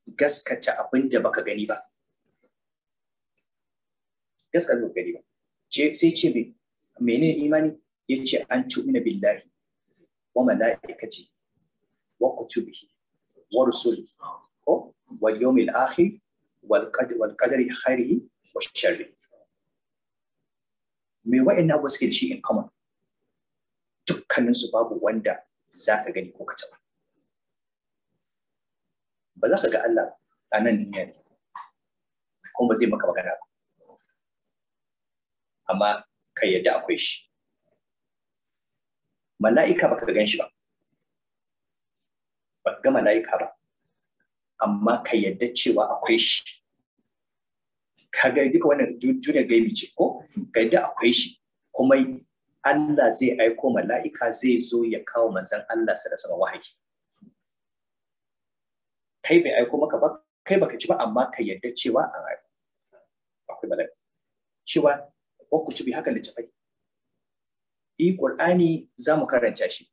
gaskata abin da baka gani ba gaskata baka gani ba sai ce me menene imani yace an tu'mina billahi wa malaikati wa kutubihi wa rusuli ko wal yawmil akhir wal qadr wal qadri khairihi wa sharri me wa'annan abu suke da shi in common dukkaninsu babu wanda za ka gani ko ka taba ba za ka ga Allah a nan duniya ne kuma ba zai maka magana ba amma ka yadda akwai shi mala'ika ka gan shi ba ba ga mala'ika ba amma ka yadda cewa akwai shi ka ga duka wannan duniyar gaibi ce ko ka yadda akwai shi kuma Allah zai aiko mala'ika zai zo ya kawo manzon Allah sa da sama wahayi kai bai aiko maka ba kai baka ci ba amma ka yarda cewa an akwai bala'i cewa ko ku ci bi haka litafai E, qur'ani za mu karanta shi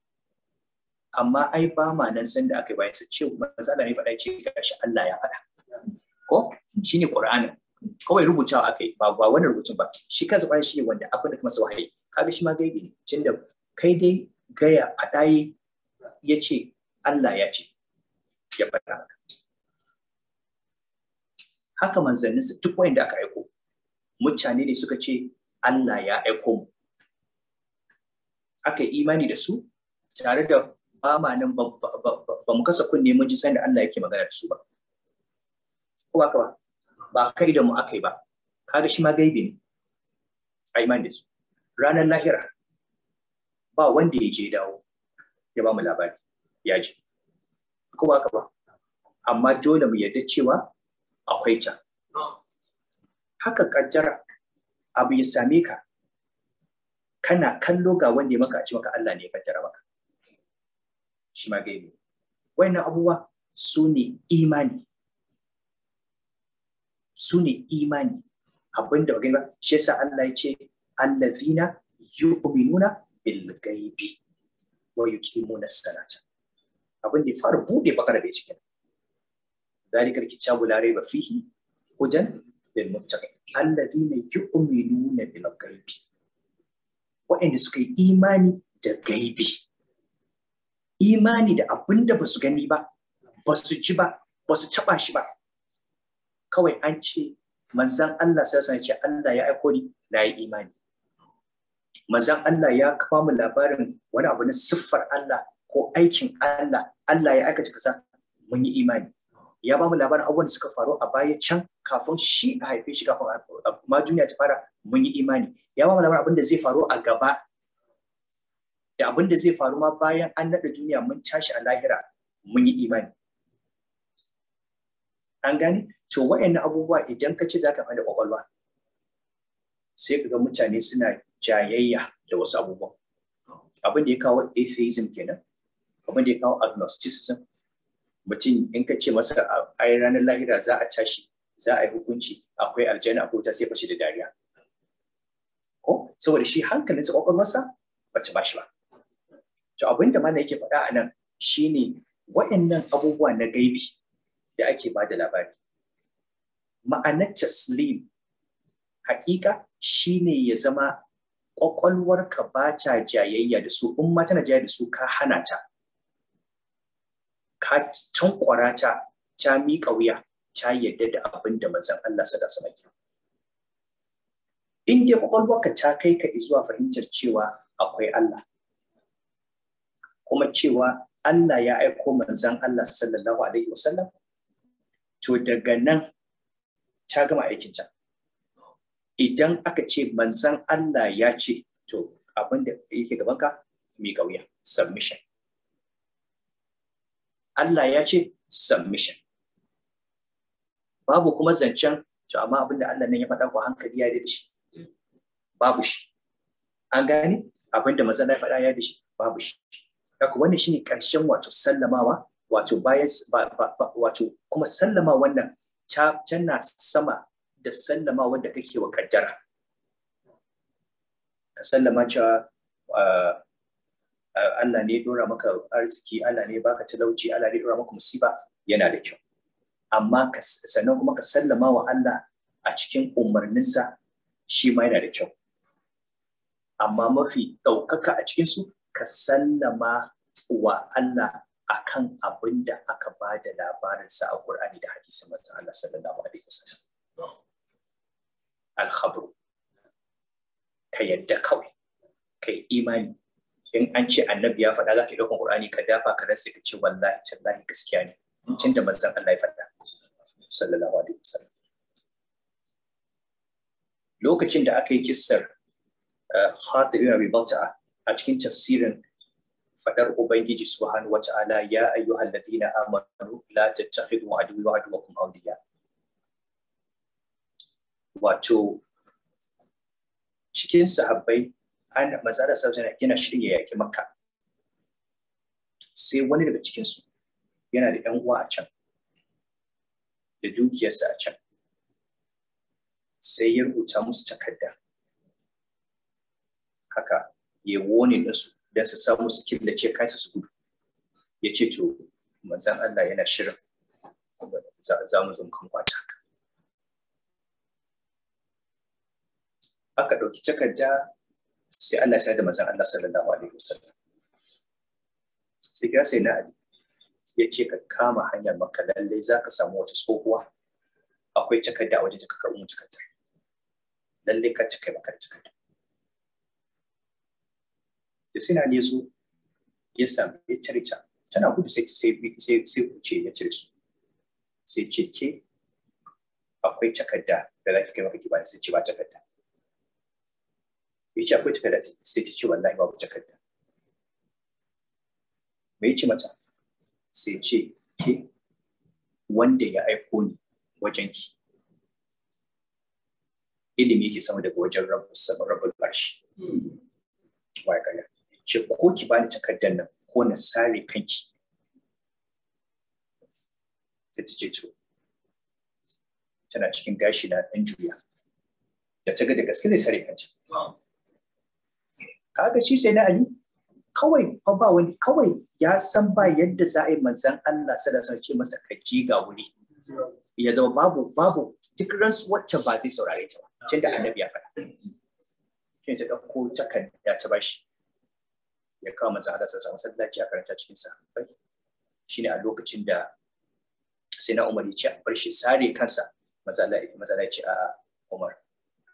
amma ai ba ma nan san da aka yi bayan sa ce matsala ne faɗa ce gashi Allah ya faɗa ko shine qur'anin kawai rubutawa aka yi ba ba wani rubutun ba shi kansa ƙwarai shi wanda abin da sa wahayi kaga shi ma gaibi ne Tunda da kai dai gaya a ɗaye ya ce Allah ya ce ya faɗa haka manzanninsa duk wanda aka aiko mutane ne suka ce Allah ya aiko mu aka yi imani da su tare da ba ma nan ba mu kasa kunne mun ji sanda Allah yake magana da su ba ko ba ba ba kai da mu akai ba kaga shi ma gaibi ne a imani da su ranar lahira ba wanda ya je dawo ya ba mu labari ya je ko ba ba amma dole mu yarda cewa akwai can haka kaddara abu ya same ka kana kallo ga wanda ya maka a maka Allah ne ya kaddara maka shi ma gaibi wayannan abubuwa su ne imani su ne imani abin da magani ba shi yasa Allah ya ce allazina yu'minuna bil gaibi wa yuqimuna salata abin da ya fara bude bakara da cikin ذلك الكتاب لا ريب فيه هدى للمتقين الذين يؤمنون بالغيب وإن سكي إيماني da gaibi imani da abin da ba su gani ba ba su ji ba ba su taba shi ba kawai an ce manzan Allah sai ce Allah ya aiko ni na yi imani manzan Allah ya kafa mu labarin wani abu na siffar Allah ko aikin Allah Allah ya aikata kaza mun yi imani ya ba mu labarin abubuwan da suka faru a baya can kafin shi a haife shi kafin ma duniya ta fara mun yi imani ya ba mu labarin abin da zai faru a gaba da abin da zai faru ma bayan an naɗa duniya mun tashi a lahira mun yi imani an gane to wa'annan abubuwa idan ka ce za ka faɗi kwakwalwa sai ka ga mutane suna jayayya da wasu abubuwa abin da ya kawo atheism kenan abin da ya kawo agnosticism mutum in ka ce masa a ranar lahira za a tashi za a yi hukunci akwai aljanna ko ta sai fashi da dariya ko saboda shi hankalinsa kwakwalwarsa ba ta bashi ba to abin da mana yake faɗa a nan shine waɗannan abubuwa na gaibi da ake ba da labari ma'anar taslim hakika shine ya zama kwakwalwarka ba ta jayayya da su in ma tana jayayya da su ka hana ta can tankwara ta ta miƙa wuya ta yadda da abin da manzon Allah sada sama ke. In dai kwakwalwarka ta kai ka zuwa fahimtar cewa akwai Allah, kuma cewa Allah ya aiko manzon Allah sallallahu alaihi wasallam, to daga nan ta gama aikinta. Idan aka ce manzon Allah ya ce, to abin da yake gabanka miƙa wuya, submission. Allah ya ce submission babu kuma zancen to amma abin da Allah nan ya faɗa ku hankali ya da shi babu shi an gane abin da mazan ya faɗa ya da shi babu shi Daka wannan shine karshen wato sallamawa wato bayan wato kuma sallama wannan tana sama da sallama wanda kake wa kaddara ka sallama cewa ah, Allah ne dora maka arziki Allah ne baka talauci Allah ne dora maka musiba yana da kyau amma sannan kuma ka sallama wa Allah a cikin umarninsa shi ma yana da kyau amma mafi ɗaukaka a cikinsu ka sallama wa Allah akan abin da aka ba da labarinsa a Qur'ani da hadisi manzo Allah sallallahu alaihi wasallam al ka yadda kawai kai imani in an ce annabi ya faɗa za ka ɗaukan Qur'ani ka dafa ka rasa ka ce wallahi tallahi gaskiya ne tun da mazan Allah ya faɗa sallallahu alaihi wasallam lokacin da aka yi kissar eh, Khatib ibn Abi Balta'a a cikin tafsirin fadar Ubangiji subhanahu wa ta'ala ya ayyuhal ladina amanu la tattakhidhu aduwwi wa aduwwakum awliya wato cikin sahabbai maza manzara sallallahu yana shirya ya yaki makka sai wani daga cikin su yana da yan uwa a can da dukiyarsa a can sai ya rubuta musu takarda haka ya wone nasu don su samu su killace kansa su gudu ya ce to manzan Allah yana shirin za mu zo kan kwata aka ɗauki takarda sai Allah sai da manzon Allah sallallahu alaihi wasallam sai ya sai na Ali ya ce ka kama hanyar maka lalle za ka samu wata tsohuwa akwai takarda a wajen ta karɓi mu takardar ka ta kai maka takarda da sai na Ali su ya samu ya tare ta tana gudu sai sai sai kuce ya tare su sai ce ke akwai takarda da za ki kai maka ki ba sai ce ba takarda me yace akwai takarda sai ta ce wallahi babu takarda me yace mata sai ce ke wanda ya aiko ni wajen ki ilimi yake sama daga wajen rabu sama rabu barshi waya kaya ce ko ki bani takardar nan ko na sare kanki sai ta ce to tana cikin gashi na ɗan juya da ta ga da gaske zai sare kanta kaga shi sai na ali kawai fa ba wani kawai ya san ba yadda za a yi manzan Allah sada sun ce masa kaji ga wuri ya zama babu babu duk ransu wacce ba zai saurare ta ba tun da annabi ya faɗa shi ta ɗauko takarda ta bashi ya kawo manzan Allah sada masallaci a karanta cikin sa ne a lokacin da sai na Umar ya ce a bar shi sare kansa maza Allah ya ce a Umar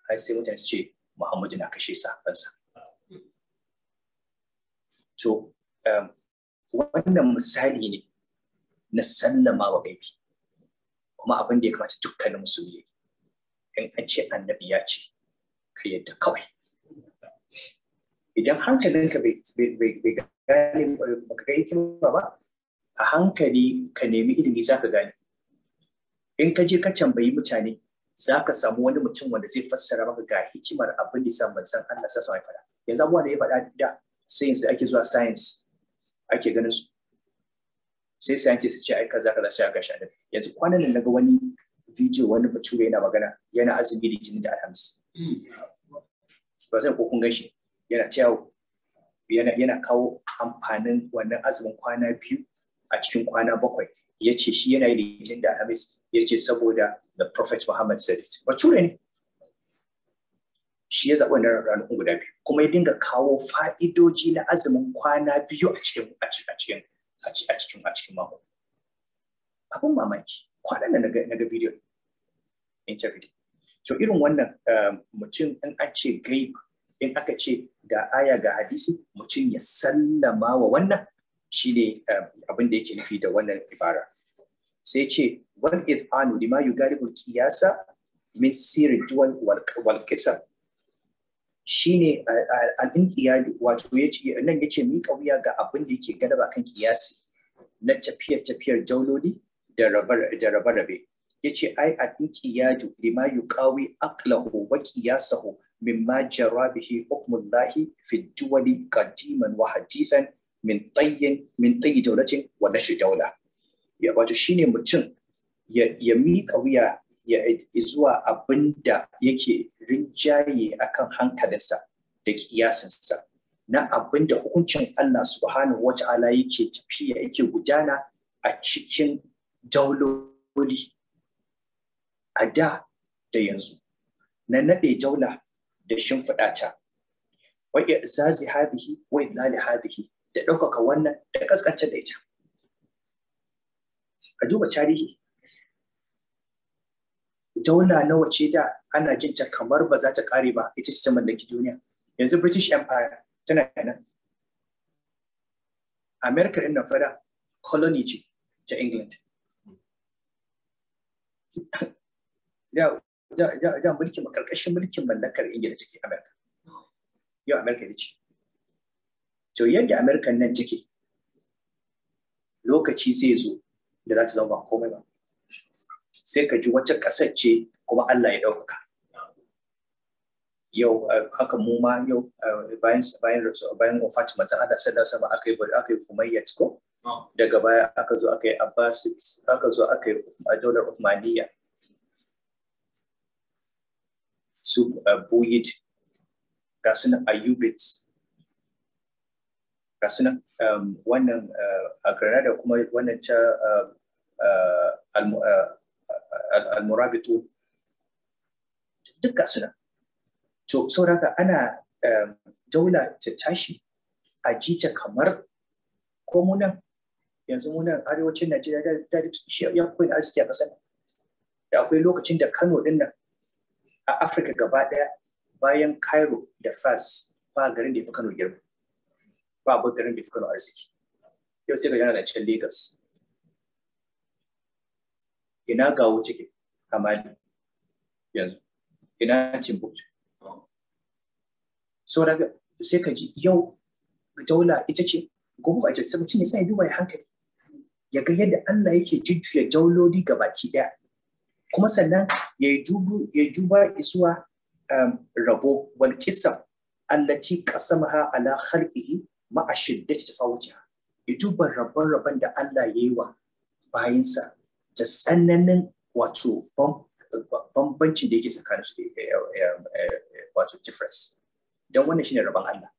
kai sai mutane su ce Muhammadu na kashe sa kansa to um, wannan misali ne na sallama wa gaifi, kuma abin da ya kamata dukkanin musulmi in an ce annabi ya ce ka yadda kawai idan hankalinka bai gane baka ga hikima ba a hankali ka nemi ilimi za ka gane in ka je ka tambayi mutane za ka samu wani mutum wanda zai fassara maka ga hikimar abin da sa manzon Allah sa ya fada yanzu abuwa da ya faɗa da science da ake zuwa science ake ganin su sai scientist ce ai kaza kaza sai aka sha da yanzu kwanan nan naga wani video wani bature yana magana yana azumi litinin da alhamis hmm. ba zan ko kun gashi yana yana yana kawo amfanin wannan azumin kwana biyu a cikin kwana bakwai yace shi yana yi da alhamis ya ce saboda the prophet muhammad said it bature ne shi ya zaɓi wannan ranakun guda biyu kuma ya dinga kawo fa'idoji na azumin kwana biyu a cikin a cikin a cikin a cikin mako abin mamaki kwanan nan na ga video interview so irin wannan eh, mutum in an ce gaib in aka ce ga aya ga hadisi mutum ya sallama wa wannan shi ne eh, abin da yake nufi da wannan ibara sai ce wal idhanu lima yugaribul qiyasa min sirri duwal wal shine al-inqiyadi wato yace nan yace mika wuya ga abin da yake galaba kan kiyasi na tafiyar tafiyar dauloli da rabe rabe yace ai al-inqiyadu lima yuqawi aqlahu wa qiyasahu mimma jara bihi hukmullahi fi duwali qadiman wa hadithan min tayyin min tayyi dawlatin wa nashi dawla ya wato shine mutum ya miƙa wuya zuwa abin da yake rinjaye akan hankalinsa da kiyasinsa na abin da hukuncin Allah subhanahu wata'ala yake tafiya yake gudana a cikin dauloli a da da yanzu na naɗe daula da shimfiɗa ta wa zazi hadihi wa idlali hadihi da ɗaukaka wannan da ƙasƙantar da ita a duba tarihi daula nawa ce da ana jin ta kamar ba za ta kare ba ita ce ta mallaki duniya yanzu british empire tana nan america din nan fara colony ce ta england da da da mulkin makarkashin mulkin mallakar ingila take america yau america ce to yadda america nan take lokaci zai zo da za ta zama ba komai ba sai ka ji wata ƙasar ce kuma Allah ya ɗaukaka yau eh, haka mu ma yau eh, bayan bayan bayan wafat manzon Allah sallallahu alaihi wasallam aka yi aka yi kumayyat ko ah. daga baya aka zo aka yi Abbasid aka zo aka yi daular Uthmaniyya su eh, Buyid ga su Ayyubids ga su wannan a Granada kuma wannan ta al-murabitun dukkan suna to saboda ana eh, daula ta tashi a jita kamar ko munan yanzu munan arewacin Najeriya da shi ya koyi arziki a ƙasar da akwai lokacin da Kano din nan a Afirka gaba ɗaya bayan Cairo da Fas ba garin da ya fi Kano girma ba ba garin da ya fi Kano arziki yau sai ga yana da can Lagos ina gawo ke, kamali yanzu ina timbuktu so daga sai ka ji yau daula ita ce gobe ba ce mutum ya sai duba ya hankali ya ga yadda Allah yake jujjuya jaulodi ga baki daya kuma sannan ya dubu ya duba isuwa um, rabo wal qisam allati qasamaha ala khalqihi ma'a shiddati tafawutiha ya duba rabban rabban da Allah yayi wa bayinsa ta tsananin wato bambancin da yake tsakanin su eh, eh, eh, wato difference don wannan shine rabon Allah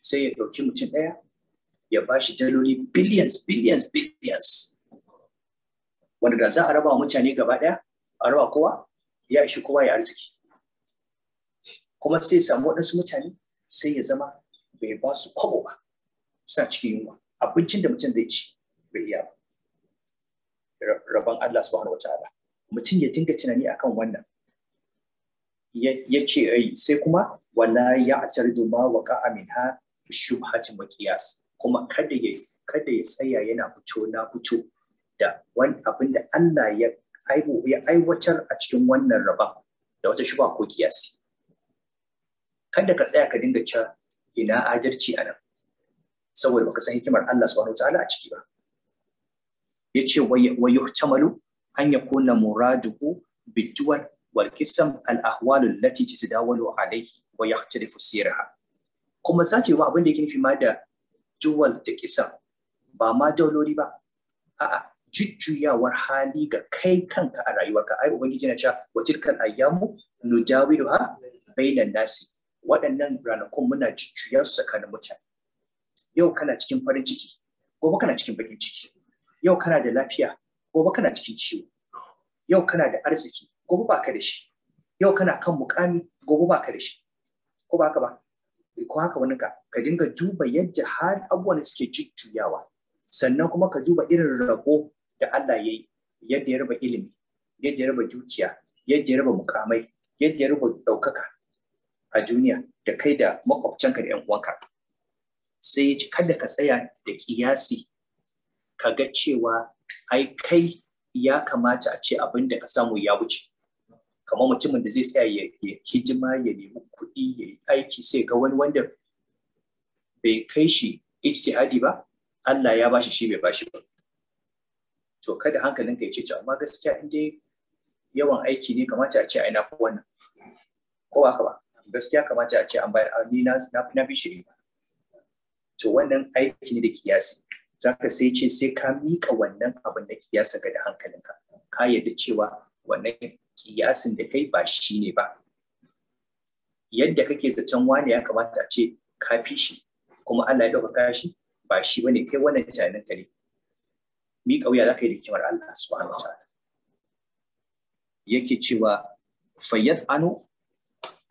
sai ya ɗauki mutum ɗaya ya ba shi daloli billions billions billions wanda da za a raba wa mutane gaba ɗaya a raba kowa ya ishi kowa ya arziki kuma sai ya samu waɗansu mutane sai ya zama bai ba su kwabo ba suna cikin yunwa abincin da mutum zai ci bai iya Allah subhanahu wataala mutum ya dinga tunani akan wannan ya ce ai sai kuma wala ya atardu ma waqa'a minha shubhatin wa qiyas kuma kada ya kada ya tsaya yana fito na fito da wani abin da Allah ya ya aiwatar a cikin wannan raba da wata shuba ko kiyasi kada ka tsaya ka dinga cewa ina adalci a nan saboda baka san hikimar Allah subhanahu wataala a ciki ba yace wa yuhtamalu an yakuna muraduhu bijuwal wal qisam al ahwal allati tatadawalu alayhi wa yakhtalifu sirha kuma sace ma abin da yake nufi ma da juwal da ƙisan ba ma daulori ba a'a jujjuyawar hali ga kai kanka a rayuwarka ai ubangiji na cewa wa tilkal ayyamu nujawiruha bainan nasi waɗannan ranakun muna jujjuya su tsakanin mutane yau kana cikin farin ciki gobe kana cikin bakin ciki yau kana da lafiya gobe kana cikin ciwo yau kana da arziki gobe ba ka da shi yau kana kan mukami gobe ba ka da shi ko ba ka ba eh, ko haka wani ka ka dinga duba yadda har abubuwan da suke jujjuyawa sannan kuma ka duba irin rabo da Allah ya yi yadda ya raba ilimi yadda ya raba dukiya yadda ya raba mukamai yadda ya raba ɗaukaka a duniya da kai da makwabcinka da 'yan uwanka sai ya ci kada ka tsaya da kiyasi ka ga cewa ai kai ya kamata a ce abin da ka samu ya wuce kamar mutumin da zai tsaya ya hijima ya nemi kuɗi ya yi aiki sai ga wani wanda bai kai shi ijtihadi ba Allah ya bashi shi bai bashi ba to kada hankalin ka ya ce amma gaskiya in dai yawan aiki ne kamata a ce ai na fi wannan ko haka ba gaskiya kamata a ce an bayar ni na na fi shi to wannan aiki ne da kiyasi za ka sai ce sai ka miƙa wannan abin da kiyasa ga da hankalinka ka yadda cewa wannan kiyasin da kai ba shi ne ba yadda kake zaton wani ya kamata ce ka fi shi kuma Allah ya ɗaukaka shi ba shi bane kai wannan tunanin ka ne miƙa wuya za ka yi da kimar Allah subhanahu wa ta'ala yake cewa fayyad anu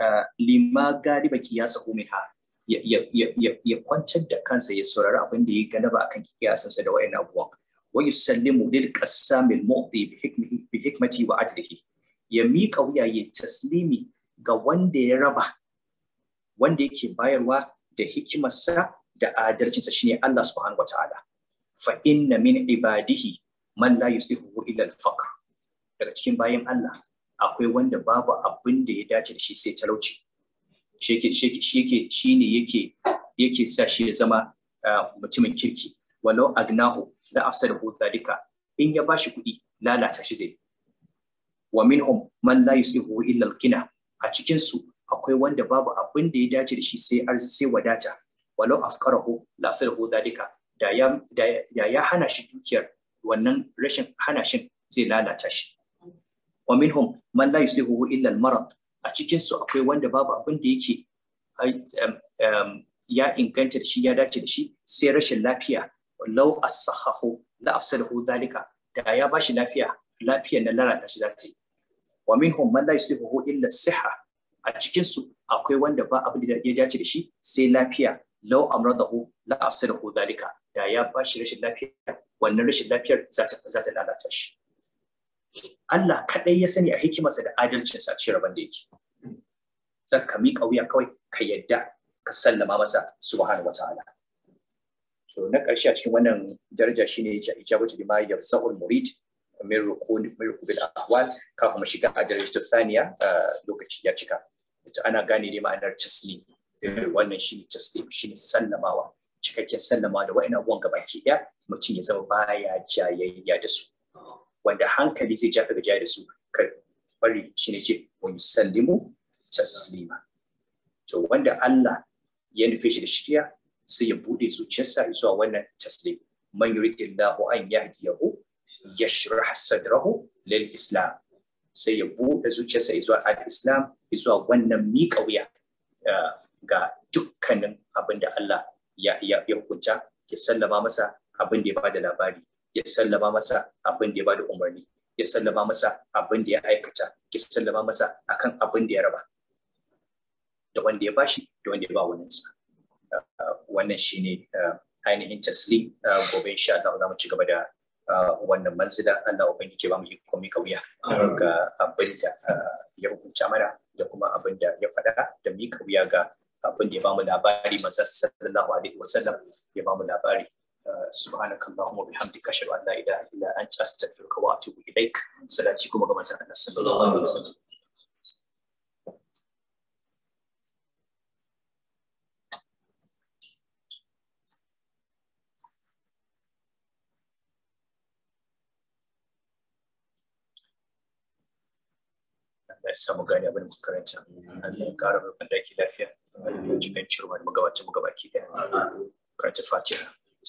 eh, lima galiba kiyasa min ha ya kwantar da kansa ya saurari abin da ya galaba kan kiyasansa da wayan abubuwan wa yusallimu lil mil mu'ti bi hikmati wa adlihi ya miƙa wuya ya taslimi ga wanda ya raba wanda yake bayarwa da hikimarsa da adalcinsa shine Allah subhanahu wataala fa inna min ibadihi man la yuslihu illa al-faqr daga cikin bayan Allah akwai wanda babu abin da ya dace da shi sai talauci shi ne yake yake sa shi ya zama mutumin kirki walau agnahu afsar buta dika in ya bashi kuɗi lalata shi zai wa minhum man la yusihu illa al a cikin su akwai wanda babu abin da ya dace da shi sai sai wadata walau afqarahu la buta dhalika da ya da ya hana shi dukiyar wannan rashin hana shi zai lalata shi wa minhum man la yusihu illa almarad a cikinsu su akwai wanda babu abin da yake ya inganta da shi ya dace da shi sai rashin lafiya lau asahahu la afsadahu da ya bashi lafiya lafiyar na lalata shi zata ta yi wa minhum man la yuslihu illa as-sihha a cikin su akwai wanda ba abin da ya dace da shi sai lafiya lau amradahu la afsadahu zalika. da ya bashi rashin lafiya wannan rashin lafiyar zata ta lalata shi Allah kaɗai ya sani a hikimarsa da adalcinsa a cikin rabon da yake. Zan ka miƙa wuya kawai ka yadda ka sallama masa subhanahu wa ta'ala. So na karshe a cikin wannan daraja shine ya ce ijabatu bima yafsahul murid min rukun min rukubil ahwal kafin mu shiga a ta thaniya ah, lokaci ya cika. Ita ana gane ne ma'anar taslim. Wannan shine taslim shine sallamawa. Cikakken sallamawa da wa'in abubuwan gabaki ɗaya mutum ya zama baya jayayya da su. wanda hankali zai ja daga da su kai bari ne ce wa sallimu taslima to wanda Allah ya nufe shi da shirya sai ya bude zuciyarsa zuwa wannan taslim man Allahu an yahdiyahu yashrah sadrahu lil islam sai ya bude zuciyarsa zuwa al islam zuwa wannan miƙa wuya eh, ga dukkanin abin da Allah ya hukunta ya sallama masa abin da ya da labari ya sallama masa abin da ya bada umarni ya sallama masa abin da ya aikata ya sallama masa akan abin da ya raba da wanda ya bashi da wanda ya ba wani sa ah, wannan shine ah, ainihin taslim ah, gobe insha Allah za mu ci gaba da wannan manzila Allah ubangiji ba mu komai kauya ga abin da ya rubuta mana da kuma abin da ya faɗa da mi kauya ga abin da ya ba mu labari manzo sallallahu alaihi wasallam ya ba mu labari سبحانك اللهم وبحمدك اشهد ان لا اله الا انت استغفرك واتوب اليك صلاتي كما كما صلى الله عليه وسلم Allah ya samu gane abin da karanta Allah ya kara rubin daki lafiya Allah ya ji gancirwa da magabacin magabaki daya karanta fatiha